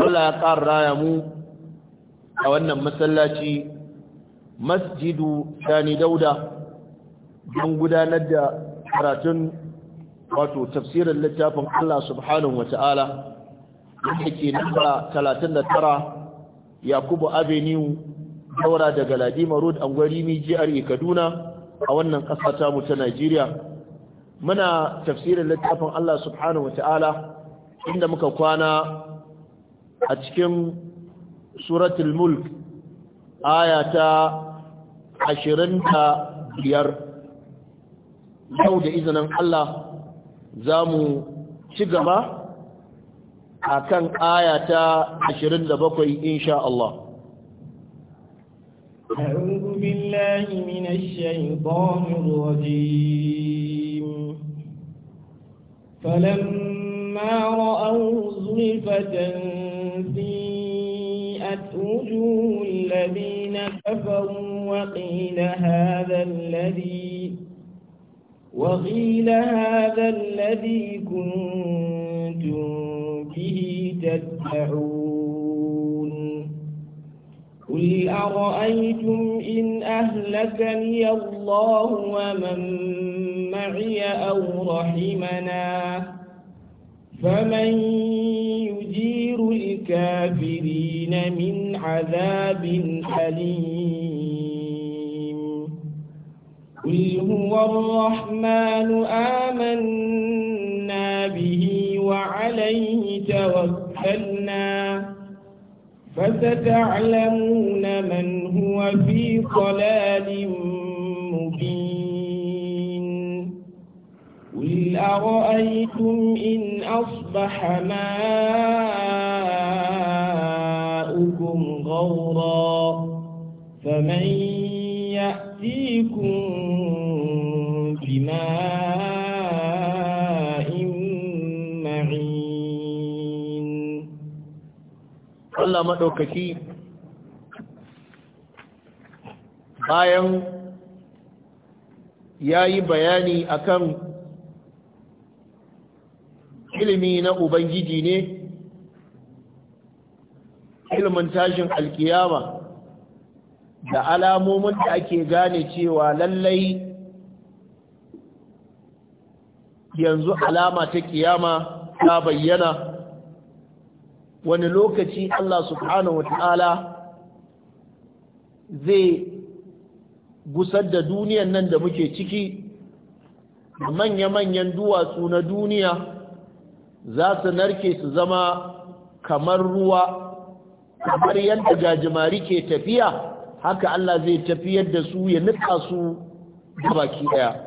Allah ya ƙara raya mu a wannan masallaci masjidu shani dauda don gudanar da karatun wato tafsirin littafin Allah subhanahu ta'ala, wanda ke da 39 yakubu avenue daura daga ladima road angwarimi jihar e, kaduna a wannan ƙasa ta ta najeriya muna tafsirin littafin Allah subhanahu ta'ala, inda muka kwana a cikin suratul mulk ayata ta biyar. yau da izinin Allah za mu ci gaba a kan ayata ta bakwai insha Allah أعوذ بالله من الشيطان الرجيم فلما رأوا زلفة وجيئت وجوه الذين كفروا وقيل هذا الذي وقيل هذا الذي كنتم به تدعون قل أرأيتم إن أهلكني الله ومن معي أو رحمنا فمن الكافرين من عذاب حليم قل هو الرحمن آمنا به وعليه توكلنا فستعلمون من هو في ضلال مبين قل أرأيتم إن أصبح ماؤكم غورا فمن يأتيكم بماء معين الله مدوككي bayan ya yi bayani akan ilimi na ubangiji ne ilimin tashin alkiyama da alamomin da ake gane cewa lallai yanzu alama ta kiyama ta bayyana wani lokaci Allah subhanahu wata'ala zai gusar da duniyan nan da muke ciki manya-manyan duwatsu na duniya za su narke su zama kamar ruwa kamar yadda gajimari ke tafiya haka Allah zai tafiyar da su ya nika su da baki daya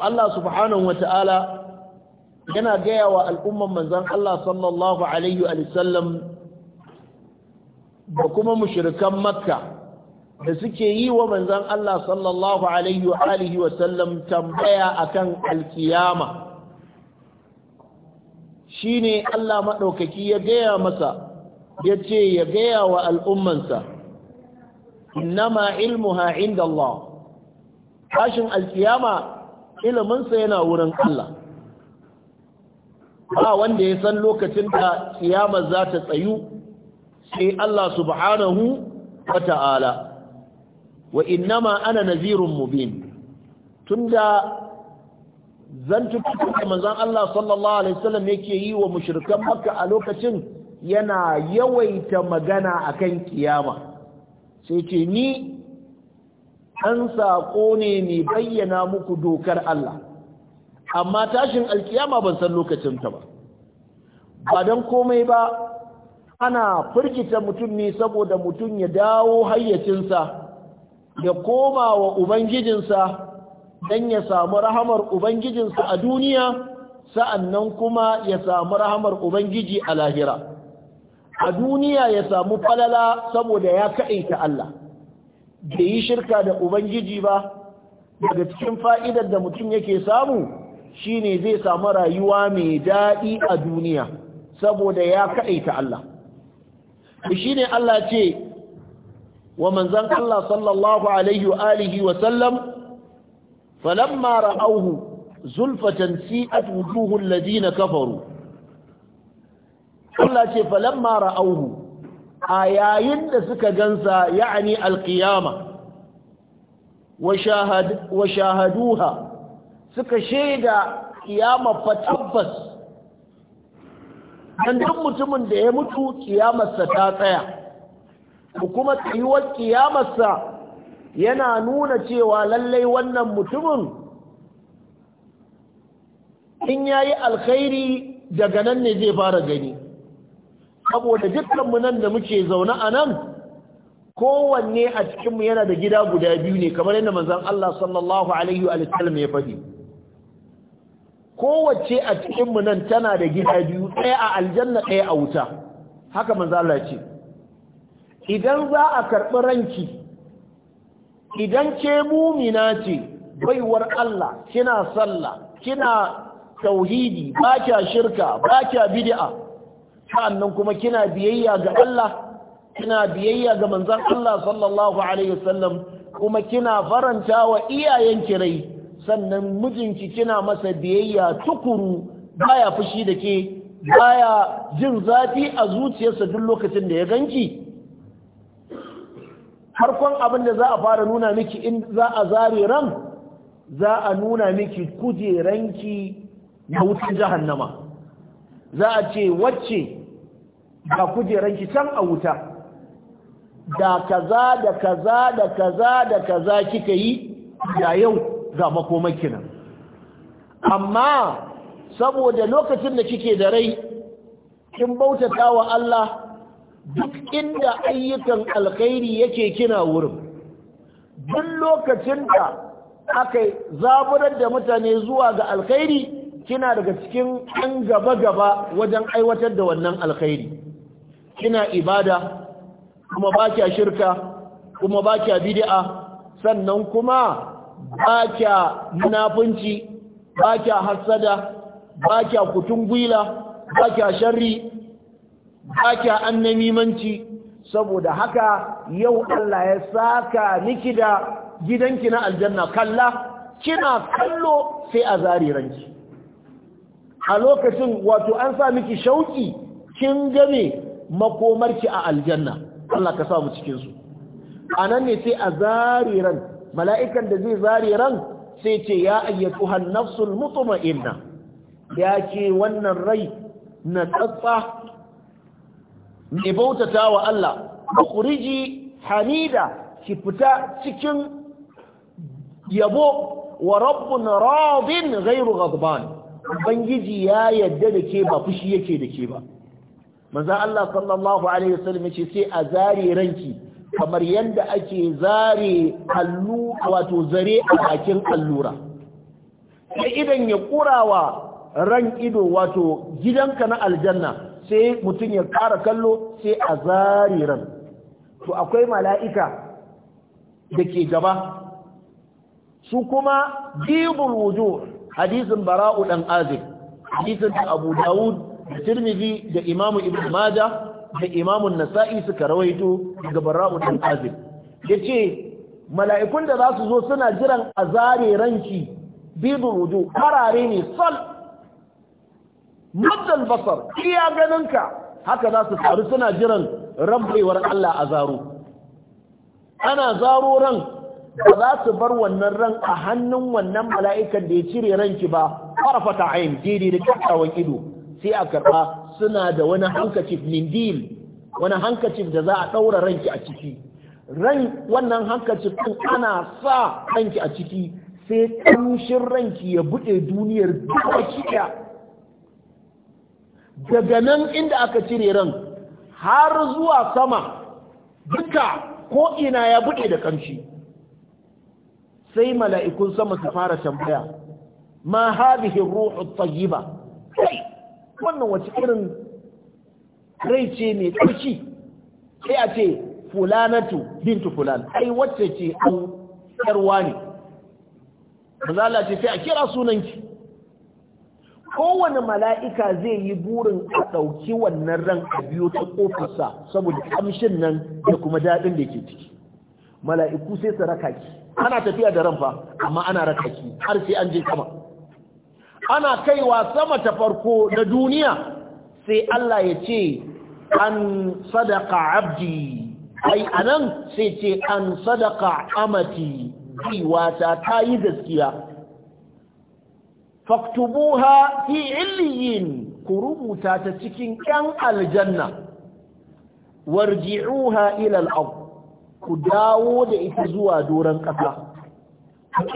Allah subhanahu wata'ala yana gaya wa al'umman manzan Allah sallallahu alaihi wa sallam da kuma mushrikan makka da suke yi wa manzan Allah sallallahu alaihi wa sallam tambaya akan alkiyama shine Allah maɗaukaki ya gaya masa ya ce ya gaya wa al'ummansa innama ilmuha da Allah tashin alkiyama iliminsa yana wurin Allah ba wanda ya san lokacin da kiyama za ta tsayu sai Allah subhanahu wa ta'ala wa innama ana nazirun mubin tunda zantukan da manzon Allah sallallahu alaihi wasallam yake yi wa mushrikan Makka a lokacin yana yawaita magana akan kiyama sai ce ni an saƙo ne ni bayyana muku dokar Allah amma tashin alkiyama ban san lokacin ta ba ba dan komai ba ana firgita mutum ne saboda mutum ya dawo hayyacinsa ya koma wa ubangijinsa don ya samu rahamar ubangijinsa a duniya sa'annan kuma ya samu rahamar ubangiji a lahira a duniya ya samu falala saboda ya ka'aita Allah bai yi shirka da ubangiji ba daga cikin fa'idar da mutum yake samu shine zai samu rayuwa mai daɗi a duniya saboda ya ka'aita Allah shi ne Allah ce wa manzan Allah sallallahu alaihi wa wa falamma ra'auhu zulfatanci si'at wujuhul ladina kafaru Allah ce falamma ra'auhu a yayin da suka gansa ya'ani alqiyama wa shahad wa shahaduha suka shaida kiyama fa tabbas dan mutumin da ya mutu kiyamarsa ta tsaya kuma tsayuwar kiyamarsa yana nuna cewa lallai wannan mutumin in ya yi alkhairi daga nan ne zai fara gani saboda dukkanmu nan da muke zaune a nan kowanne a cikinmu yana da gida guda biyu ne kamar yadda manzan Allah sallallahu Alaihi wasallam ya faɗi kowace a cikinmu nan tana da gida biyu ɗaya a aljanna ɗaya a wuta haka manzan Allah ce idan za a karɓi ranki idan ke mumina ce baiwar Allah kina sallah kina tauhidi ba kya shirka ba kya bid'a sannan kuma kina biyayya ga Allah kina biyayya ga manzon Allah sallallahu alaihi wasallam kuma kina faranta wa iyayen kirai sannan mijinki kina masa biyayya tukuru baya fushi da ke baya jin zafi a zuciyarsa duk lokacin da ya ganki harkon abin da za a fara nuna miki in za a zare ran za a nuna miki kujeranki na wutan jahannama za a ce wacce ga kujeranki can a wuta da kaza da kaza da kaza da kaza kika yi da yau ga makomakin nan amma saboda lokacin da kike da rai kin bautata wa Allah duk inda ayyukan alkhairi yake kina wurin duk lokacin da aka zaburar da mutane zuwa ga alkhairi kina daga cikin an gaba-gaba wajen aiwatar da wannan alkhairi kina ibada kuma ba kya shirka kuma ba kya bid'a sannan kuma ba kya munafunci ba kya hassada ba kya kutungwila ba kya sharri ba kya annamimanci saboda haka yau Allah ya saka miki da gidanki na aljanna kalla kina kallo sai a zariranki a lokacin wato an sa miki shauki kin game makomarki a aljanna Allah ka samu cikin su anan ne sai a zariran mala'ikan da zai zariran sai ce ya ayyatuhan nafsul mutma'inna ya ce wannan rai na tsatsa mai bautata wa Allah ukhriji hamida ki fita cikin yabo wa rabbun Rabin ghairu ghadban ubangiji ya yadda da ke ba fushi yake da ke ba manzo Allah sallallahu alaihi wasallam yace sai a zare ranki kamar yadda ake zare allu wato zare a bakin allura sai idan ya kurawa ran ido wato gidanka na aljanna sai mutum ya ƙara kallo sai a zariran to akwai mala'ika da ke gaba su kuma dibul wujo hadisin bara'u ɗan azir hadisun da abu dawud da tirmidhi da imamu ibn maja da imamun nasa'i suka rawaito daga bara'u ɗan azir ya ce mala'ikun da za su zo suna jiran a zariranci ranki wujo harare ne sal muddal basar iya ganinka haka za su faru suna jiran rabbewar Allah a zaro ana zaro ran ba za su bar wannan ran a hannun wannan mala'ikan da ya cire ranki ba farfata ayin daidai da kyakkyawan ido sai a karɓa suna da wani hankacif mindil wani hankacif da za a ɗaura ranki a ciki ran wannan hankacif ɗin ana sa ranki a ciki sai ƙamshin ranki ya buɗe duniyar duk duka daga nan inda aka cire ran har zuwa sama duka ko ina ya buɗe da ƙamshi. sai mala'ikun sama su fara tambaya ma hadhihi ruhu tayyiba kai wannan wace irin rai ce mai sai a ce fulanatu bintu fulan ai wacce ce an yarwa ne mazala ce sai a kira sunanki kowane mala'ika zai yi burin a ɗauki wannan ran a biyo ta ƙofarsa saboda ƙamshin nan da kuma daɗin da ke ciki mala'iku sai su raka ki ana tafiya da ran fa amma ana raka ki har sai an je sama ana kaiwa sama ta farko na duniya sai Allah ya ce an sadaka abdi ai anan sai ce an sadaka amati biwata ta yi gaskiya faktubuha fi illiyin ku rubuta ta cikin ƴan aljanna warji'uha ila al-ard ku dawo da ita zuwa doran ƙasa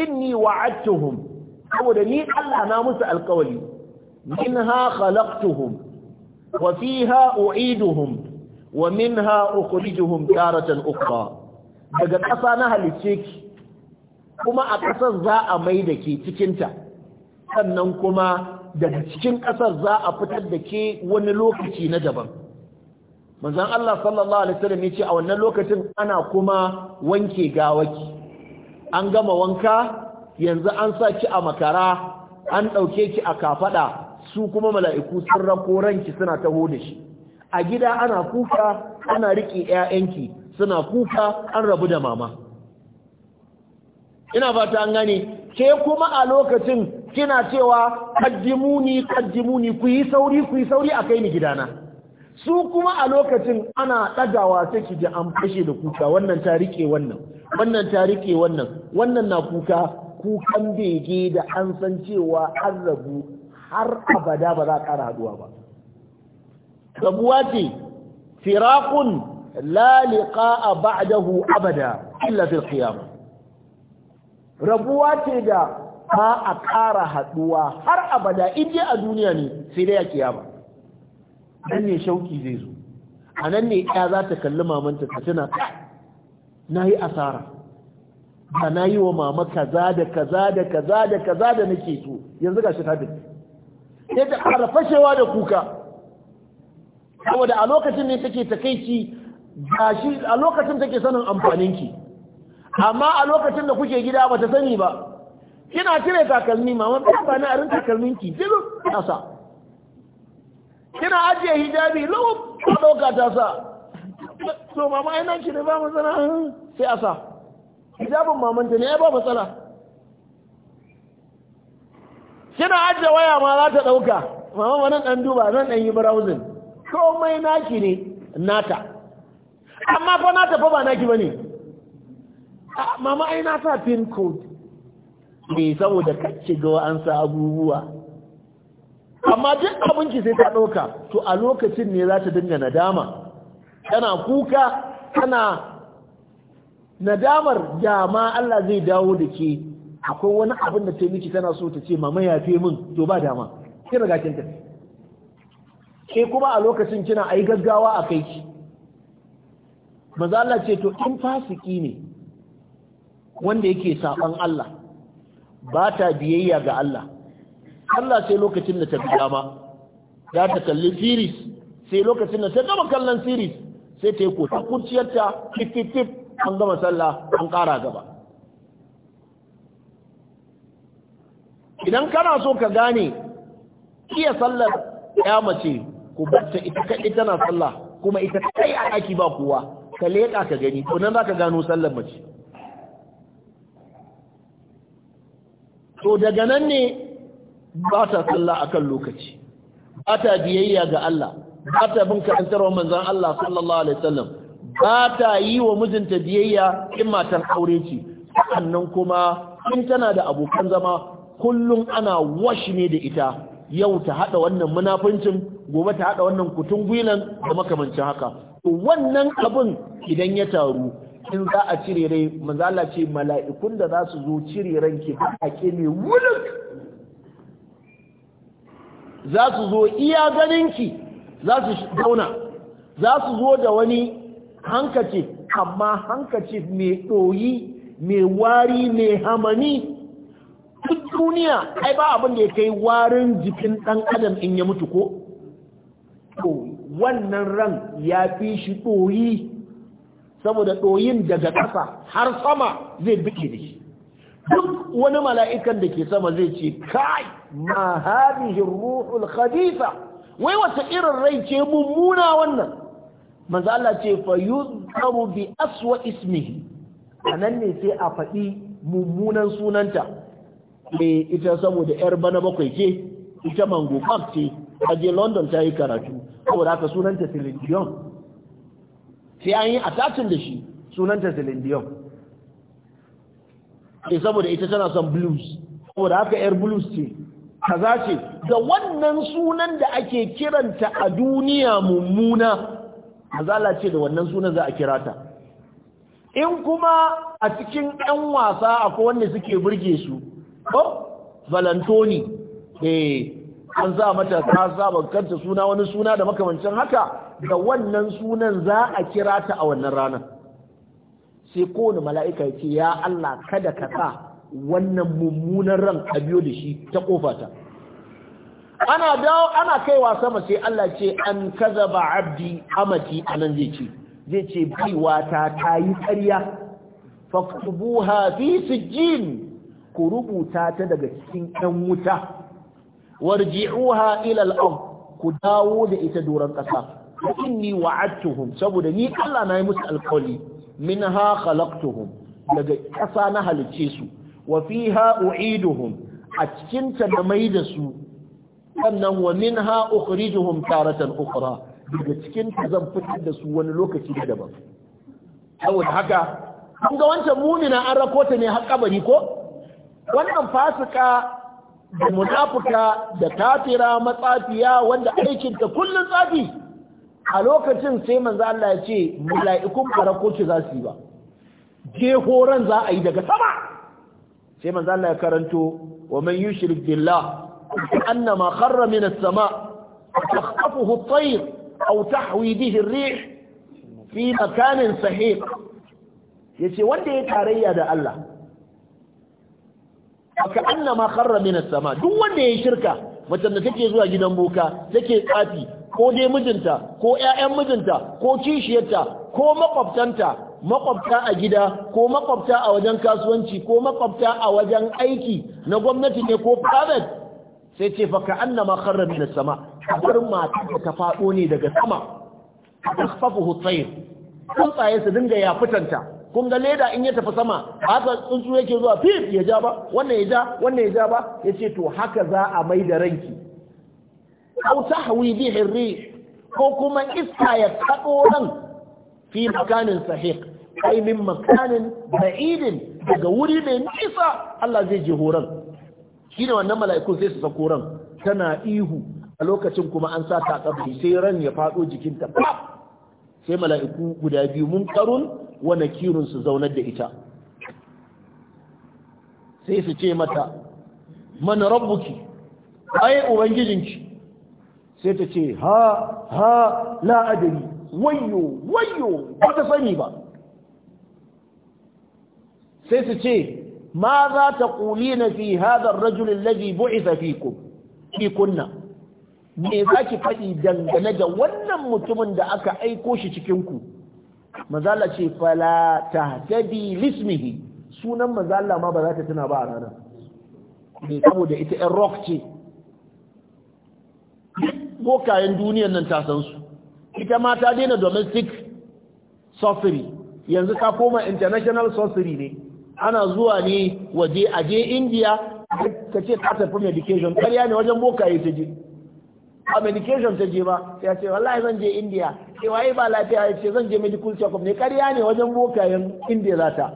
inni wa'adtuhum saboda ni Allah na musu alƙawari minha khalaqtuhum wa fiha u'iduhum wa minha ukhrijuhum taratan ukhra daga ƙasa na halicce ki kuma a ƙasar za a maida ke cikinta sannan kuma daga cikin ƙasar za a fitar da ke wani lokaci na daban manzan Allah sallallahu alaihi wasallam ya ce a wannan lokacin ana kuma wanke gawaki an gama wanka yanzu an sa ki a makara an ɗauke ki a kafaɗa su kuma mala'iku sun rako ranki suna taho da shi a gida ana kuka ana riƙe ‘ya'yanki suna kuka an rabu da mama ina fata an gane ke kuma a lokacin kina cewa kaddimuni kaddimuni ku yi sauri ku yi sauri a kai ni gidana su kuma a lokacin ana ɗagawa sai ki ji an fashe da kuka wannan ta rike wannan wannan ta rike wannan wannan na kuka kukan bege da an san cewa an har abada ba za a ƙara haɗuwa ba rabuwa ce firakun la liqa'a ba'dahu abada illa fil qiyamah rabuwa ce da ba a ƙara haɗuwa har abada in a duniya ne sai dai a kiyama nan ne shauki zai zo a nan ne ya za ta kalli mamanta ta tana na yi asara ba na yi wa mama kaza da kaza da kaza da kaza da nake so yanzu ga shi ta duk sai ta ƙara fashewa da kuka saboda a lokacin ne take takaici gashi a lokacin take sanin amfaninki amma a lokacin da kuke gida ba ta sani ba kina cire takalmi ma wani ba na arin takalmin ki jilu sa. kina ajiye hijabi lau ko ɗauka ta sa so mama ina ki ne ba matsala sai a sa hijabin mamanta ne ya ba matsala kina ajiye waya ma za ta ɗauka mama ma nan ɗan duba nan ɗan yi browsing komai naki ne nata amma fa nata fa ba naki ba ne ah, mama ai na sa pin code me saboda kacce ga wa'ansa abubuwa amma duk abinci sai ta ɗauka to a lokacin ne za ta dinga nadama tana kuka tana nadamar ma Allah zai dawo da ke akwai wani abin da ta miki tana so ta ce mama ya fi min to ba dama ki riga kin ke kuma a lokacin kina ayi gaggawa a kai ki maza Allah ce to in fasiki ne wanda yake saban Allah ba ta biyayya ga Allah Allah sai lokacin da ta bi dama za ta kalli series sai lokacin da ta gama kallon series sai ta yi kota ta kurciyarta an gama sallah an ƙara gaba idan kana so ka gane iya sallar ya mace ku bata ita tana sallah kuma ita kai a ɗaki ba kowa ka leƙa ka gani kunan za ka gano sallar mace to daga nan ne ba ta a kan lokaci ba ta biyayya ga Allah ba ta bin karantarwar Manzan Allah sallallahu alaihi wasallam ba ta yi wa mijinta biyayya in matan aure ce sannan kuma in tana da abokan zama kullum ana washi ne da ita yau ta haɗa wannan munafincin gobe ta haɗa wannan kutun gwinan da makamancin haka wannan abin idan ya taru in za a cire rai manzo ce mala'ikun da za su zo cire ranki ba a ke ne wuluk za su zo iya ganinki za su zauna za su zo da wani hankaci amma hankaci mai ɗoyi mai wari mai hamani duk duniya ai ba abin da ya kai warin jikin ɗan adam in ya mutu ko wannan ran ya fi shi ɗoyi saboda ɗoyin daga ƙasa har sama zai biki da shi duk wani mala'ikan da ke sama zai ce kai ma hadihin ruhul khabisa wai wata irin rai ce mummuna wannan manzo Allah ce fa yuzkaru bi aswa ismihi anan ne sai a faɗi mummunan sunanta eh ita saboda yar bana bakwai ce ita mango ce a je London ta yi karatu saboda haka sunanta Celine Dion sai an yi attachin da shi sunanta Celine Dion sai eh, saboda ita tana son blues saboda haka yar blues ce kaza ce da wannan sunan da ake kiranta a duniya mummuna azala ce da wannan sunan za a kira ta in kuma a cikin 'yan wasa akwai wanda suke burge su ko valentoni eh an za mata ta saba kanta suna wani suna da makamancin haka da wannan sunan za a kira ta a wannan ranar sai kowane mala'ika ya ce ya Allah kada ka sa wannan mummunan ran a biyo da shi ta kofata ana dawo ana kaiwa sama sai Allah ce an kaza ba abdi amati anan zai ce zai ce baiwata ta yi ƙarya faktubuha fi sijjin ku rubuta ta daga cikin ɗan wuta warji'uha ila al ku dawo da ita doron ƙasa inni wa'adtuhum saboda ni Allah na yi musu alkawali minha khalaqtuhum daga ƙasa na halicce su wa fiha u'iduhum a cikin ta da mai da su sannan wa minha ukhrijuhum taratan ukhra daga cikin ta zan fitar da su wani lokaci da daban saboda haka kun ga wancan mumina an rakota ne har kabari ko wannan fasika da munafuka da kafira matsafiya wanda aikinta kullun tsafi a lokacin sai manzo Allah ya ce mala'ikun farakoci za su yi ba je horon za a yi daga sama sai manzo Allah ya karanto wa man yushrik billah annama kharra min as-sama takhtafuhu at-tayr aw tahwi bihi ar-rih fi makanin sahiq yace wanda ya tarayya da Allah ka annama kharra min as-sama duk wanda ya shirka mutum da take zuwa gidan boka take tsafi ko dai mijinta ko 'ya'yan mijinta ko kishiyarta ko makwabtanta makwabta a gida ko makwabta a wajen kasuwanci ko makwabta a wajen aiki na gwamnati ne ko private sai ce fa ka annama kharra min sama kamar mata da ta fado ne daga sama tasfafuhu tayr tsuntsaye su dinga ya fitanta kun ga leda in ya tafi sama haka tsuntsu yake zuwa fif ya ja ba wannan ya ja wannan ya ja ba yace to haka za a mai da ranki aw tahwi bihi rih ko kuma iska ya tabo ran fi makanin sahiq kai min makanin ba'idin daga wuri mai nisa Allah zai je horon shine wannan mala'ikun sai su sako ran tana ihu a lokacin kuma an sa ta kabri sai ran ya faɗo jikinta sai mala'iku guda biyu karun wa nakirun su zaunar da ita sai su ce mata man rabbuki ai ubangijinki sai ta ce ha ha la adari wayo wayo ba ta sani ba sai su ce ma za ta ƙuli na fi hadar rajulun lazi bu'isa fi kunna me za ki faɗi dangane da wannan mutumin da aka aiko shi cikinku mazala ce fala ta tabi lismihi sunan mazala ma ba za ta tuna ba a Me saboda ita 'yan rock ce bokayen duniyan nan ta san ita ma ta daina domestic sorcery yanzu ta koma international sorcery ne ana zuwa ne waje je india ka ce ta tafi medication ƙarya ne wajen bokaye ta je a medication ta je ba ya ce wallahi zan je india waye ba lafiya ya ce zan je medical check-up ne ƙarya ne wajen bokayen india za ta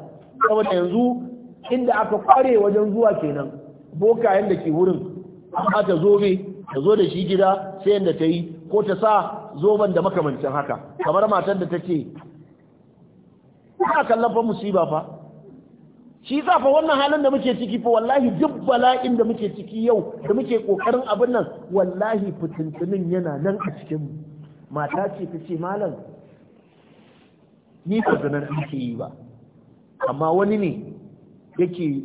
saboda yanzu inda aka kware wajen zuwa kenan bokayen da ke wurin amma ta zobe ta zo da shi gida sai yadda ta yi ko ta sa zoban da makamancin haka kamar matan da ta ce ba kallon fa musiba fa shi za fa wannan halin da muke ciki fa wallahi duk bala'in da muke ciki yau da muke kokarin abin nan wallahi fitintunin yana nan a cikin mu mata ce ta ce malam ni ba zanen ake yi ba amma wani ne yake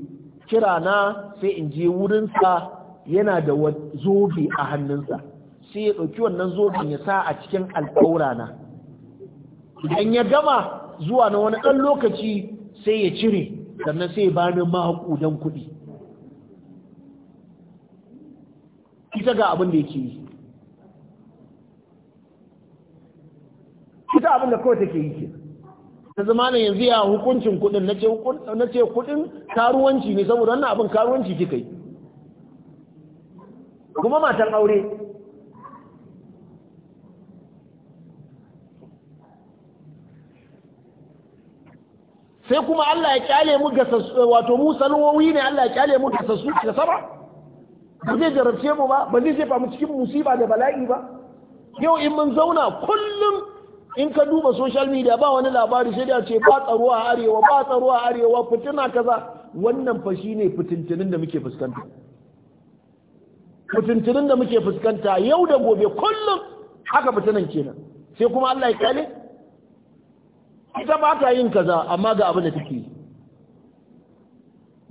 kira na sai in je wurinsa yana da zobe a hannunsa sai ya ɗauki wannan zobe ya sa a cikin alƙawura na idan ya gama zuwa na wani ɗan lokaci sai ya cire sannan sai ya bani mahaƙudan kuɗi ita ga abin da yake yi ita abin da kawai take yi ke ta zama yanzu ya hukuncin kuɗin na ce kuɗin karuwanci ne saboda wannan abin karuwanci kika yi kuma matan aure sai kuma Allah ya kyale mu ga wato mu salwowi ne Allah ya kyale mu ga sassu da ba zai jarabce mu ba ba zai jefa mu cikin musiba da bala'i ba yau in mun zauna kullum in ka duba social media ba wani labari sai da ce ba tsaro a arewa ba tsaro a arewa fitina kaza wannan fa ne fitintinin da muke fuskanta mutuntunin da muke fuskanta yau da gobe kullum haka fitinan kenan sai kuma Allah ya kale ita ba ta yin kaza amma ga abin da take yi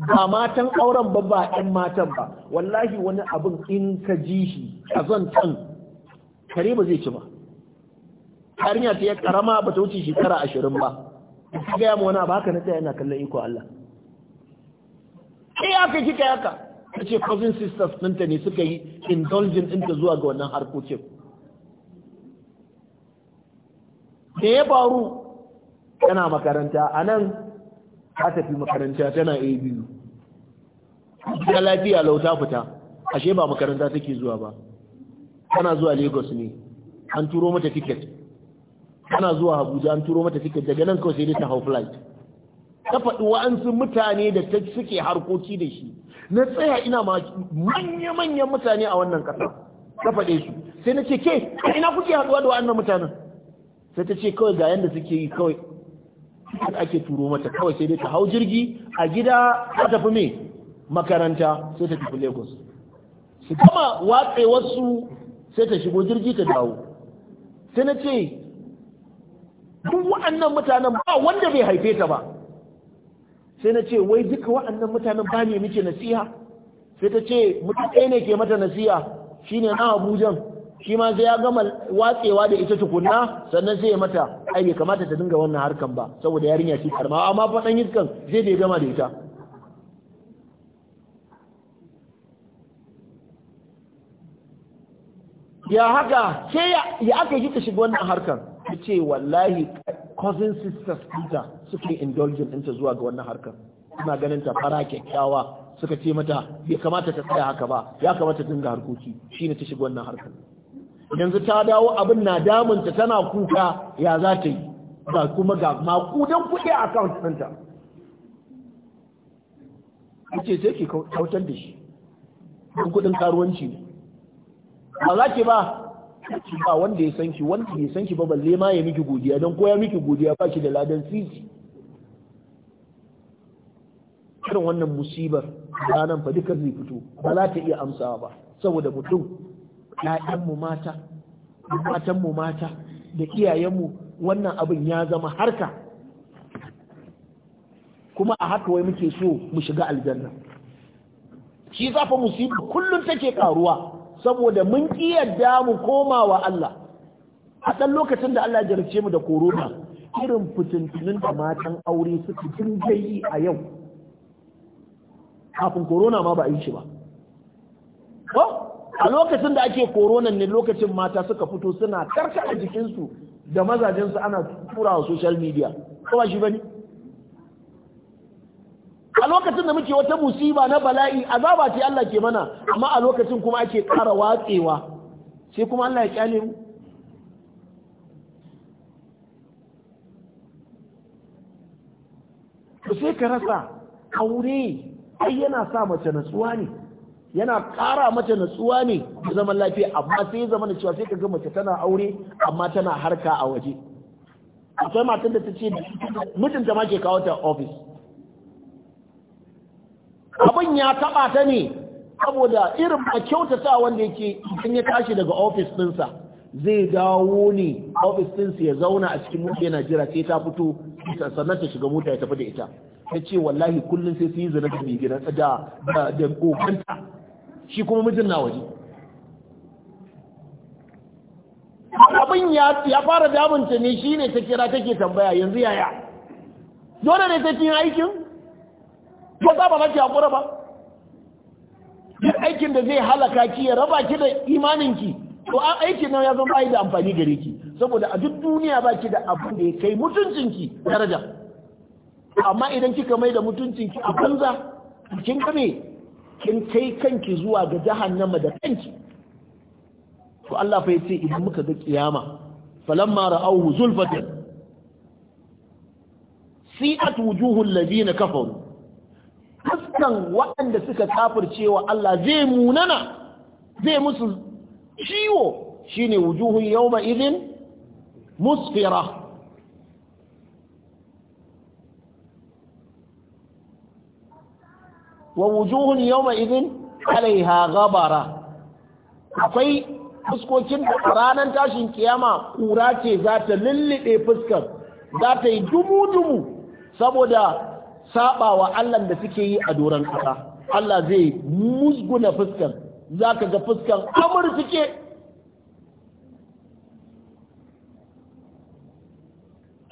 ba matan auren ba ba ɗan matan ba wallahi wani abin in ka ji shi a zantan kare ba zai ci ba harinya ta yi karama ba ta wuce shekara ashirin ba ta gaya ma wani abu haka na tsaye yana kallon iko Allah sai aka kika yaka ta ce cousin sisters ɗinta ne suka yi indulgin ɗinta zuwa ga wannan harkokin da ya faru tana makaranta a nan ta tafi makaranta tana a biyu ta lafiya lauta fita ashe ba makaranta take zuwa ba tana zuwa lagos ne an turo mata tiket tana zuwa abuja an turo mata tiket daga nan kawai sai dai ta hau flight ta faɗi wa'ansu mutane da ta suke harkoki da shi na tsaya ina ma manya-manyan mutane a wannan ƙasa ta faɗe su sai na ce ke ina kuke haɗuwa da wannan mutanen sai ta ce kawai ga yadda suke yi kawai da ake turo mata kawai sai dai ta hau jirgi a gida ta tafi me makaranta sai ta tafi lagos su kama watse wasu sai ta shigo jirgi ta dawo sai na ce duk waɗannan mutanen ba wanda bai haife ta ba sai na ce wai duka waɗannan mutanen ba ne muke nasiha sai ta ce mutum ɗaya ne ke mata nasiha shine na abujan shi ma zai ya gama watsewa da ita tukunna sannan zai mata ai bai kamata ta dinga wannan harkan ba saboda yarinya ce karma amma faɗan dan zai bai gama da ita ya haka sai ya aka yi ta shiga wannan harkan ta ce wallahi cousin sisters Peter suke indulgent ɗinta zuwa ga wannan harkar suna ganin ta fara kyakkyawa suka ce mata bai kamata ta tsaya haka ba ya kamata ta dinga harkoki shi ne ta shiga wannan harkar yanzu ta dawo abin na ta tana kuka ya za ta yi ga kuma ga makudan kuɗi a account ɗinta ce sai ke kautar da shi kuɗin karuwanci ba za ki ba ba wanda ya san ki wanda ya san ki ba balle ma ya miki godiya dan ko ya miki godiya ba ki da ladan sisi irin wannan musibar ranan fa duka zai fito ba za ta iya amsawa ba saboda mutum mu mata mu mata da iyayen mu wannan abin ya zama harka kuma a haka wai muke so mu shiga aljanna shi zafa musibar kullum take karuwa saboda mun yadda mu komawa Allah a ɗan lokacin da Allah jarce mu da korona irin fitintunin da matan aure suka dinga a yau kafin korona ma ba a yi shi ba ko a lokacin da ake koronan ne lokacin mata suka fito suna karkata jikinsu da mazajensu ana tura a social media ko ba shi bane a lokacin da muke wata musiba na bala'i azaba ce Allah ke mana amma a lokacin kuma ake ƙara watsewa sai kuma Allah ya kyale mu to sai ka rasa aure ai yana sa mace natsuwa ne yana ƙara mace natsuwa ne da zaman lafiya amma sai zama da cewa sai ka ga mace tana aure amma tana harka a waje akwai matan da ta ce mijinta ma ke kawo ta ofis abin ya taɓa ta ne saboda irin a kyautata wanda yake in ya tashi daga ofis ɗinsa zai dawo ne ofis dinsa ya zauna a cikin mota yana jira sai ta fito sannan ta shiga mota ya tafi da ita ta ce wallahi kullum sai su yi zina da gidan da da kokanta shi kuma mijin na waje abin ya fara damunta ne shine ta kira take tambaya yanzu yaya dole ne ta cikin aikin ma ba za ki haƙura ba duk aikin da zai halaka ki ya raba ki da imaninki to an aikin nan ya zama ba da amfani gare ki saboda a duk duniya ba ki da abin da ya kai mutuncinki daraja amma idan kika mai da mutuncinki a banza kin kame kin kai kanki zuwa ga jahannama da kanki to Allah fa yace idan muka ga kiyama falamma ra'awhu zulfatan si'at wujuhul ladina kafaru dukkan waɗanda suka kafirce wa Allah zai munana zai musu ciwo shine wujuhun yawma izin musfira wa wujuhun izin idhin alaiha gabara akwai fuskokin ranar tashin kiyama kura ce za ta lullube fuskar za ta yi dumu-dumu saboda wa Allah da suke yi a doron ƙasa Allah zai musguna fuskan ka ga fuskan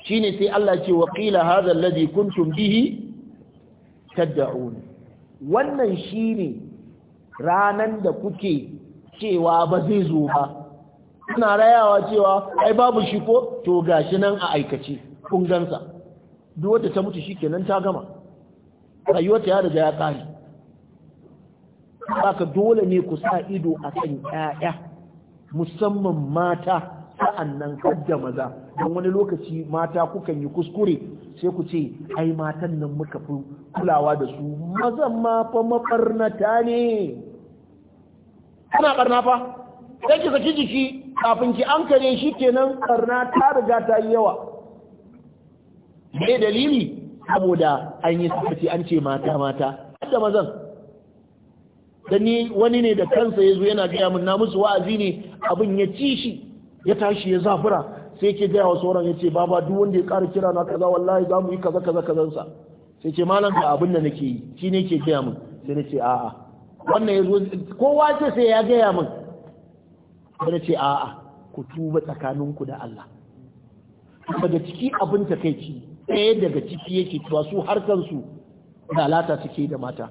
Shi ne sai Allah ce waƙila qila hadha kun kuntum bihi tad'un wannan shine ranan da kuke cewa ba zai zo ba suna rayawa cewa ai babu shi ko to gashi nan a aikace kun gansa duk wadda ta mutu shikenan ta gama rayuwarta ya riga ya ƙare haka dole ne ku sa ido a kan ƴaƴa musamman mata sa'annan kadda maza don wani lokaci mata kukan yi kuskure sai ku ce ai matan nan muka fi kulawa da su mazan ma fa mafarnata ne Kuna karna fa sai ki saki jiki kafin ki ankare shi kenan karna ta riga ta yi yawa me dalili saboda an yi sakaci an ce mata mata da mazan da ni wani ne da kansa ya zo yana gaya min na musu wa'azi ne abin ya ci shi ya tashi ya zafura sai ke gaya wa sauran ya ce baba duk wanda ya ƙara kira na kaza wallahi za mu yi kaza kaza kazansa sai ce malam ga abin da nake yi shi ne ke gaya min sai na ce a'a wannan ya zo kowa ce sai ya gaya min sai na ce a'a ku tuba tsakaninku da Allah daga ciki abin takaici ɗaya daga ciki yake ba su har kansu lalata suke da mata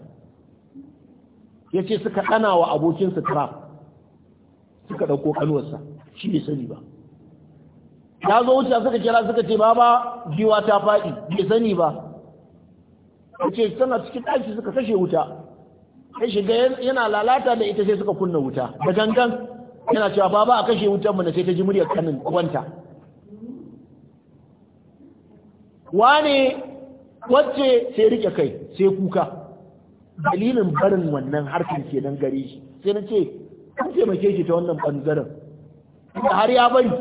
ya ce suka ɗana wa abokinsa trap suka ɗauko kanuwarsa shi bai sani ba ya zo wuce suka kira suka ce ba ba giwa ta faɗi bai sani ba ya ce suna cikin ɗaki suka kashe wuta ya shiga yana lalata da ita sai suka kunna wuta da gangan yana cewa ba a kashe wutan mu na sai ta ji muryar kanin kwanta wane wacce sai rike kai sai kuka dalilin barin wannan harkar kenan gare shi sai na ce an taimake shi ta wannan ɓangaren. da har ya bari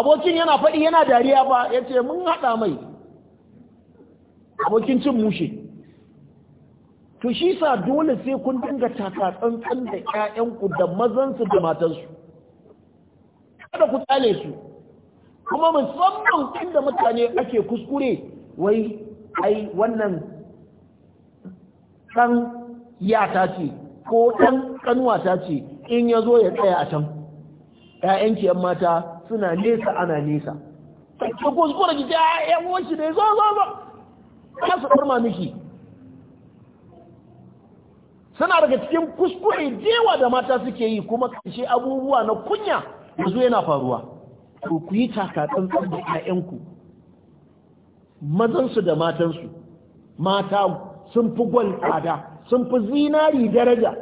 abokin yana faɗi yana dariya ba ya ce mun haɗa mai abokin cin mushe to shi sa dole sai kun dinga taka tsantsan da 'ya'yanku da mazansu da matansu kada ku tsale su kuma musamman inda mutane ake kuskure wai ai wannan ɗan yata ce ko ɗan ta ce in ya zo ya tsaya a can ‘ya'yanki ƴan mata suna nesa ana nesa ta kuskure ki ta ƴan wanci ne zo zo zo ta su ɗarma miki suna daga cikin kuskure jewa da mata suke yi kuma ƙarshe abubuwa na kunya yanzu yana faruwa to ku yi takatsantsan da 'ya'yanku mazansu da matansu mata sun fi gwal tsada sun fi zinari daraja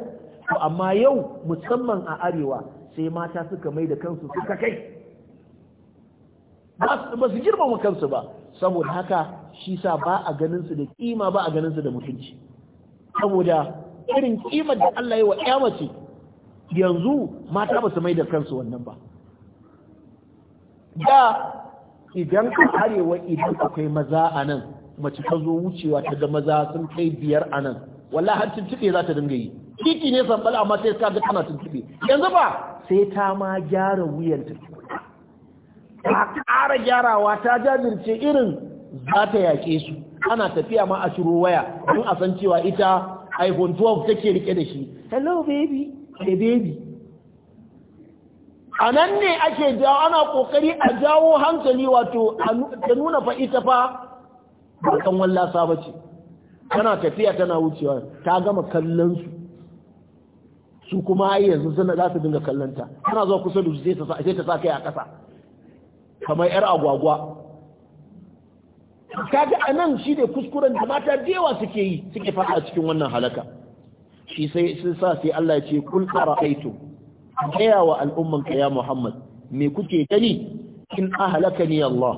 to amma yau musamman a arewa sai mata suka mai da kansu suka kai ba su girmama kansu ba saboda haka shi sa ba a ganin da kima ba a ganin da mutunci saboda irin kimar da Allah ya wa mace yanzu mata ba su mai da kansu wannan ba da idan ka karewa idan akwai maza a nan mace ta zo wucewa ta ga maza sun kai biyar a nan walla har tuntube za ta dinga yi titi ne sambal amma sai ka ga tana tuntube yanzu ba sai ta ma gyara wuyanta ta ƙara gyarawa ta jajirce irin za ta yaƙe su ana tafiya ma a shiro waya don a san cewa ita iphone 12 take rike da shi hello baby hey baby a nan ne ake jawo ana kokari a jawo hankali wato ta nuna fa ita fa ba kan wallasa ba ce tana tafiya tana wucewa ta gama kallon su su kuma yanzu suna za su dinga kallonta tana zuwa kusa da su sai ta sa kai a ƙasa kamar yar agwagwa kaga a nan shi ne kuskuren da mata da yawa suke yi suke faɗa cikin wannan halaka shi sai sun sa sai Allah ya ce kul ara'aytum gaya wa al'ummar ka ya Muhammad me kuke gani in ni Allah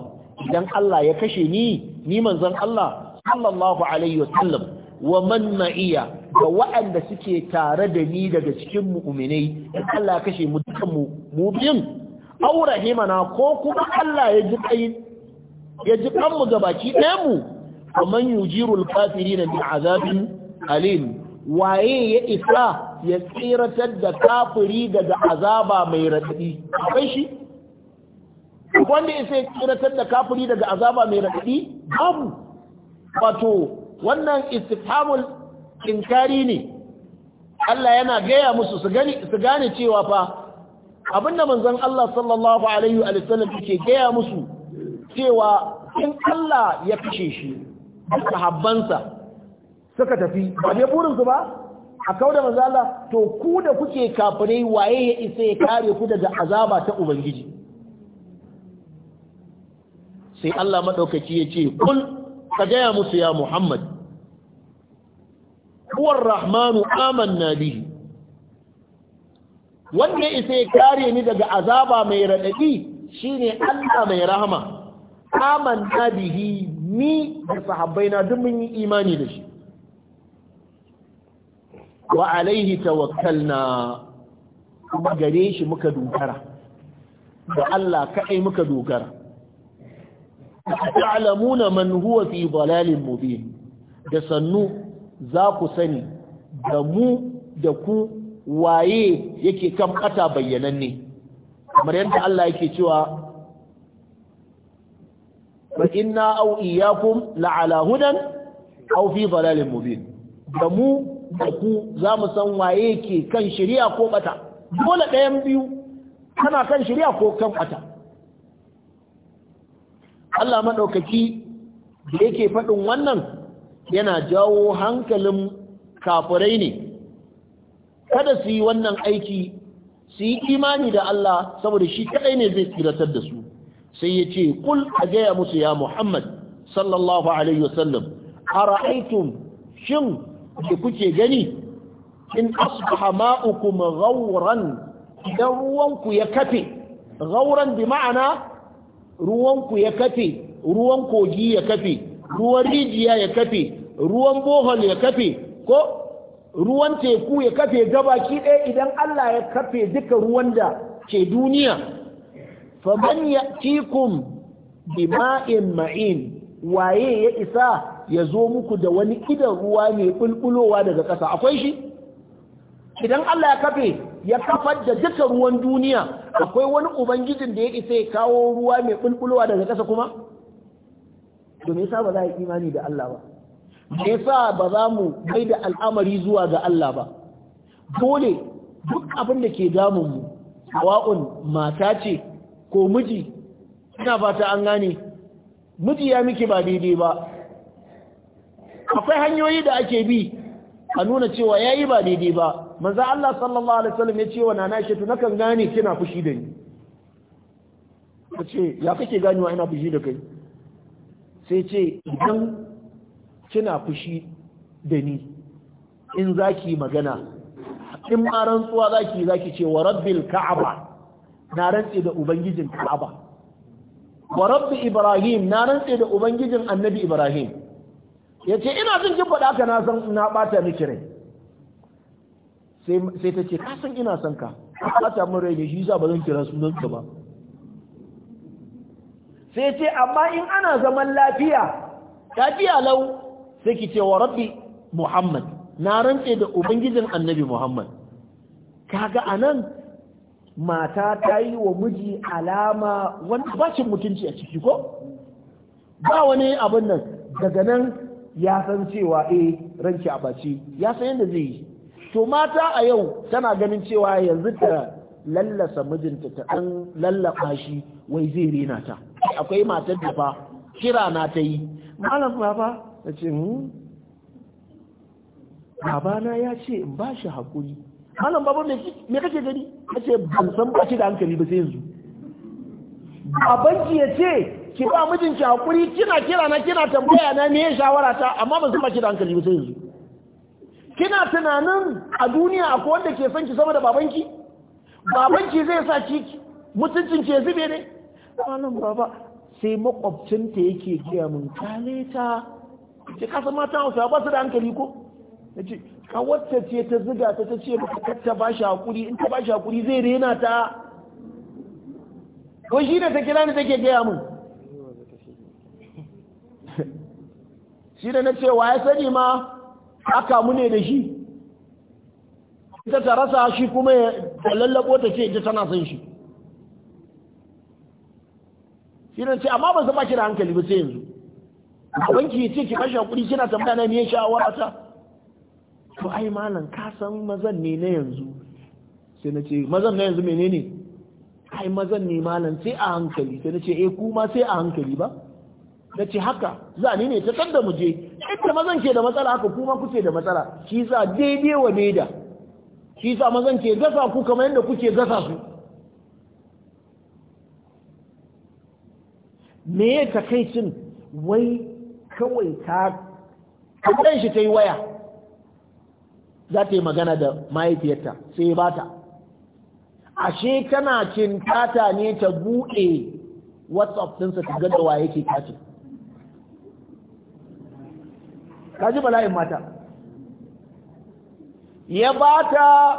idan Allah ya kashe ni ni manzon Allah sallallahu alaihi wasallam wa man ma'iya ga waɗanda suke tare da ni daga cikin mu'uminai, in Allah ya kashe mu mu mu biyin aw rahimana ko kuma Allah ya ji kai ya ji Kamar ɗaya mu yujiru al-kafirin azabin alim waye ya isa ya tsiratar da kafiri daga azaba mai raɗaɗi akwai shi wanda ya sai tsiratar da kafiri daga azaba mai raɗaɗi babu wato wannan istifhamul inkari ne Allah yana gaya musu su gane cewa fa abinda manzon Allah sallallahu alaihi wa sallam yake gaya musu cewa in Allah ya kashe shi sahabbansa suka tafi ba burin burinsu ba a kauda manzo Allah to ku da kuke kafirai waye ya isa ya kare ku daga azaba ta ubangiji sai Allah madaukaki ya ce kul ka gaya musu ya Muhammad huwar rahmanu amanna bihi wanda ya isa ya kare ni daga azaba mai radadi shine Allah mai rahama amanna bihi ni da sahabbaina duk mun yi imani da shi wa alaihi tawakkalna kuma gare shi muka dogara da Allah kaɗai muka dogara ta'lamuna man huwa fi dalalin mubin da sannu za ku sani da mu da ku waye yake kan kata bayyananne kamar yadda Allah yake cewa fa inna aw iyyakum la'ala hudan aw fi dalalin mubin da mu da ku za mu san waye ke kan shari'a ko bata dole ɗayan biyu kana kan shari'a ko kan bata Allah maɗaukaki da yake faɗin wannan yana jawo hankalin kafirai ne kada su yi wannan aiki su yi imani da Allah saboda shi kaɗai ne zai tsiratar da su sai ya ce kul a gaya musu ya Muhammad sallallahu alaihi wasallam a ra'aitun shin da kuke gani in asbaha ma'ukum ghawran idan ruwanku ya kafe ghawran bi ma'ana ruwanku ya kafe ruwan kogi ya kafe ruwan rijiya ya kafe ruwan bohol ya kafe ko ruwan teku ya kafe gabaki ɗaya idan Allah ya kafe duka ruwan da ke duniya Fa man ya'tikum bima'in ma'in waye ya isa ya zo muku da wani idan ruwa mai bulbulowa daga ƙasa akwai shi idan Allah ya kafe ya kafar da duka ruwan duniya akwai wani ubangijin da ya isa ya kawo ruwa mai bulbulowa daga ƙasa kuma to me yasa ba za a yi imani da Allah ba me yasa ba za mu kai da al'amari zuwa ga Allah ba dole duk abin da ke damun mu sawa'un mata ce ko miji ina fata an gane miji ya miki ba daidai ba akwai hanyoyi da ake bi a nuna cewa ya yi ba daidai ba Maza Allah sallallahu alaihi wasallam ya ce wa nana Aisha to nakan gane kina fushi da ni ce ya kake ganewa ina fushi da kai sai ce idan kina fushi da ni in za ki magana in ma rantsuwa za ki za ki ce wa rabbil ka'aba na rantse da ubangijin ka'aba wa rabbi ibrahim na rantse da ubangijin annabi ibrahim ya ce ina jin kin faɗa ka na san na ɓata miki rai sai ta ce ka san ina son ka ɓata min rai ne shi yasa ba zan kira sunan ka ba sai ce amma in ana zaman lafiya lafiya lau sai ki ce wa rabbi muhammad na rantse da ubangijin annabi muhammad kaga anan mata ta yi wa miji alama wani bacin mutunci a ciki ko ba wani abin nan daga nan ya san cewa eh ranki a baci ya san yadda zai yi to mata a yau tana ganin cewa yanzu ta lallasa mijinta ta ɗan lallaba shi wai zai rena ta akwai matar da fa kira na ta yi malam baba ta ce mu hmm? babana ya ce in ba shi hakuri. malam baba me kake gani ta ce ban san ba shi da hankali ba sai yanzu babanki ya ce ki ba mijinki hakuri kina kira na kina tambaya na me shawara ta amma ba zuba ki da hankali ba sai yanzu kina tunanin a duniya akwai wanda ke son ki sama da babanki babanki zai sa ki mutuncin ke zube ne wannan baba sai ta yake gaya mun kale ta ki kasa mata hausa ba su da hankali ko nace ka wacce ce ta ziga ta ta ce maka katta ba shi hakuri in ta ba shi hakuri zai rena ta ko shi ne ta kira ni take gaya mun shi da na cewa ya sani ma aka mune da shi ita ta rasa shi kuma ya lallabo ta ce ita tana son shi shi da ce amma ba zama kira hankali ba sai yanzu a banki ce ki kashe kuɗi kina tambaya na miye shawara ta to ai malam ka san mazan ne na yanzu sai na ce mazan na yanzu menene ai mazan ne malam sai a hankali sai na ce eh kuma sai a hankali ba Da ce haka za ni ne ta sanda mu je mazan ke da matsala haka kuma kuke da matsala shi sa daidai wa daida shi sa mazan ke gasa ku kamar yadda kuke gasa su me ya cin wai kawai ta kaɗan shi ta yi waya za ta yi magana da mahaifiyarta sai ya bata ashe kana cin tata ne ta buɗe whatsapp ɗinsa ta gaddawa yake kacin Kaji ji bala'in mata ya ba ta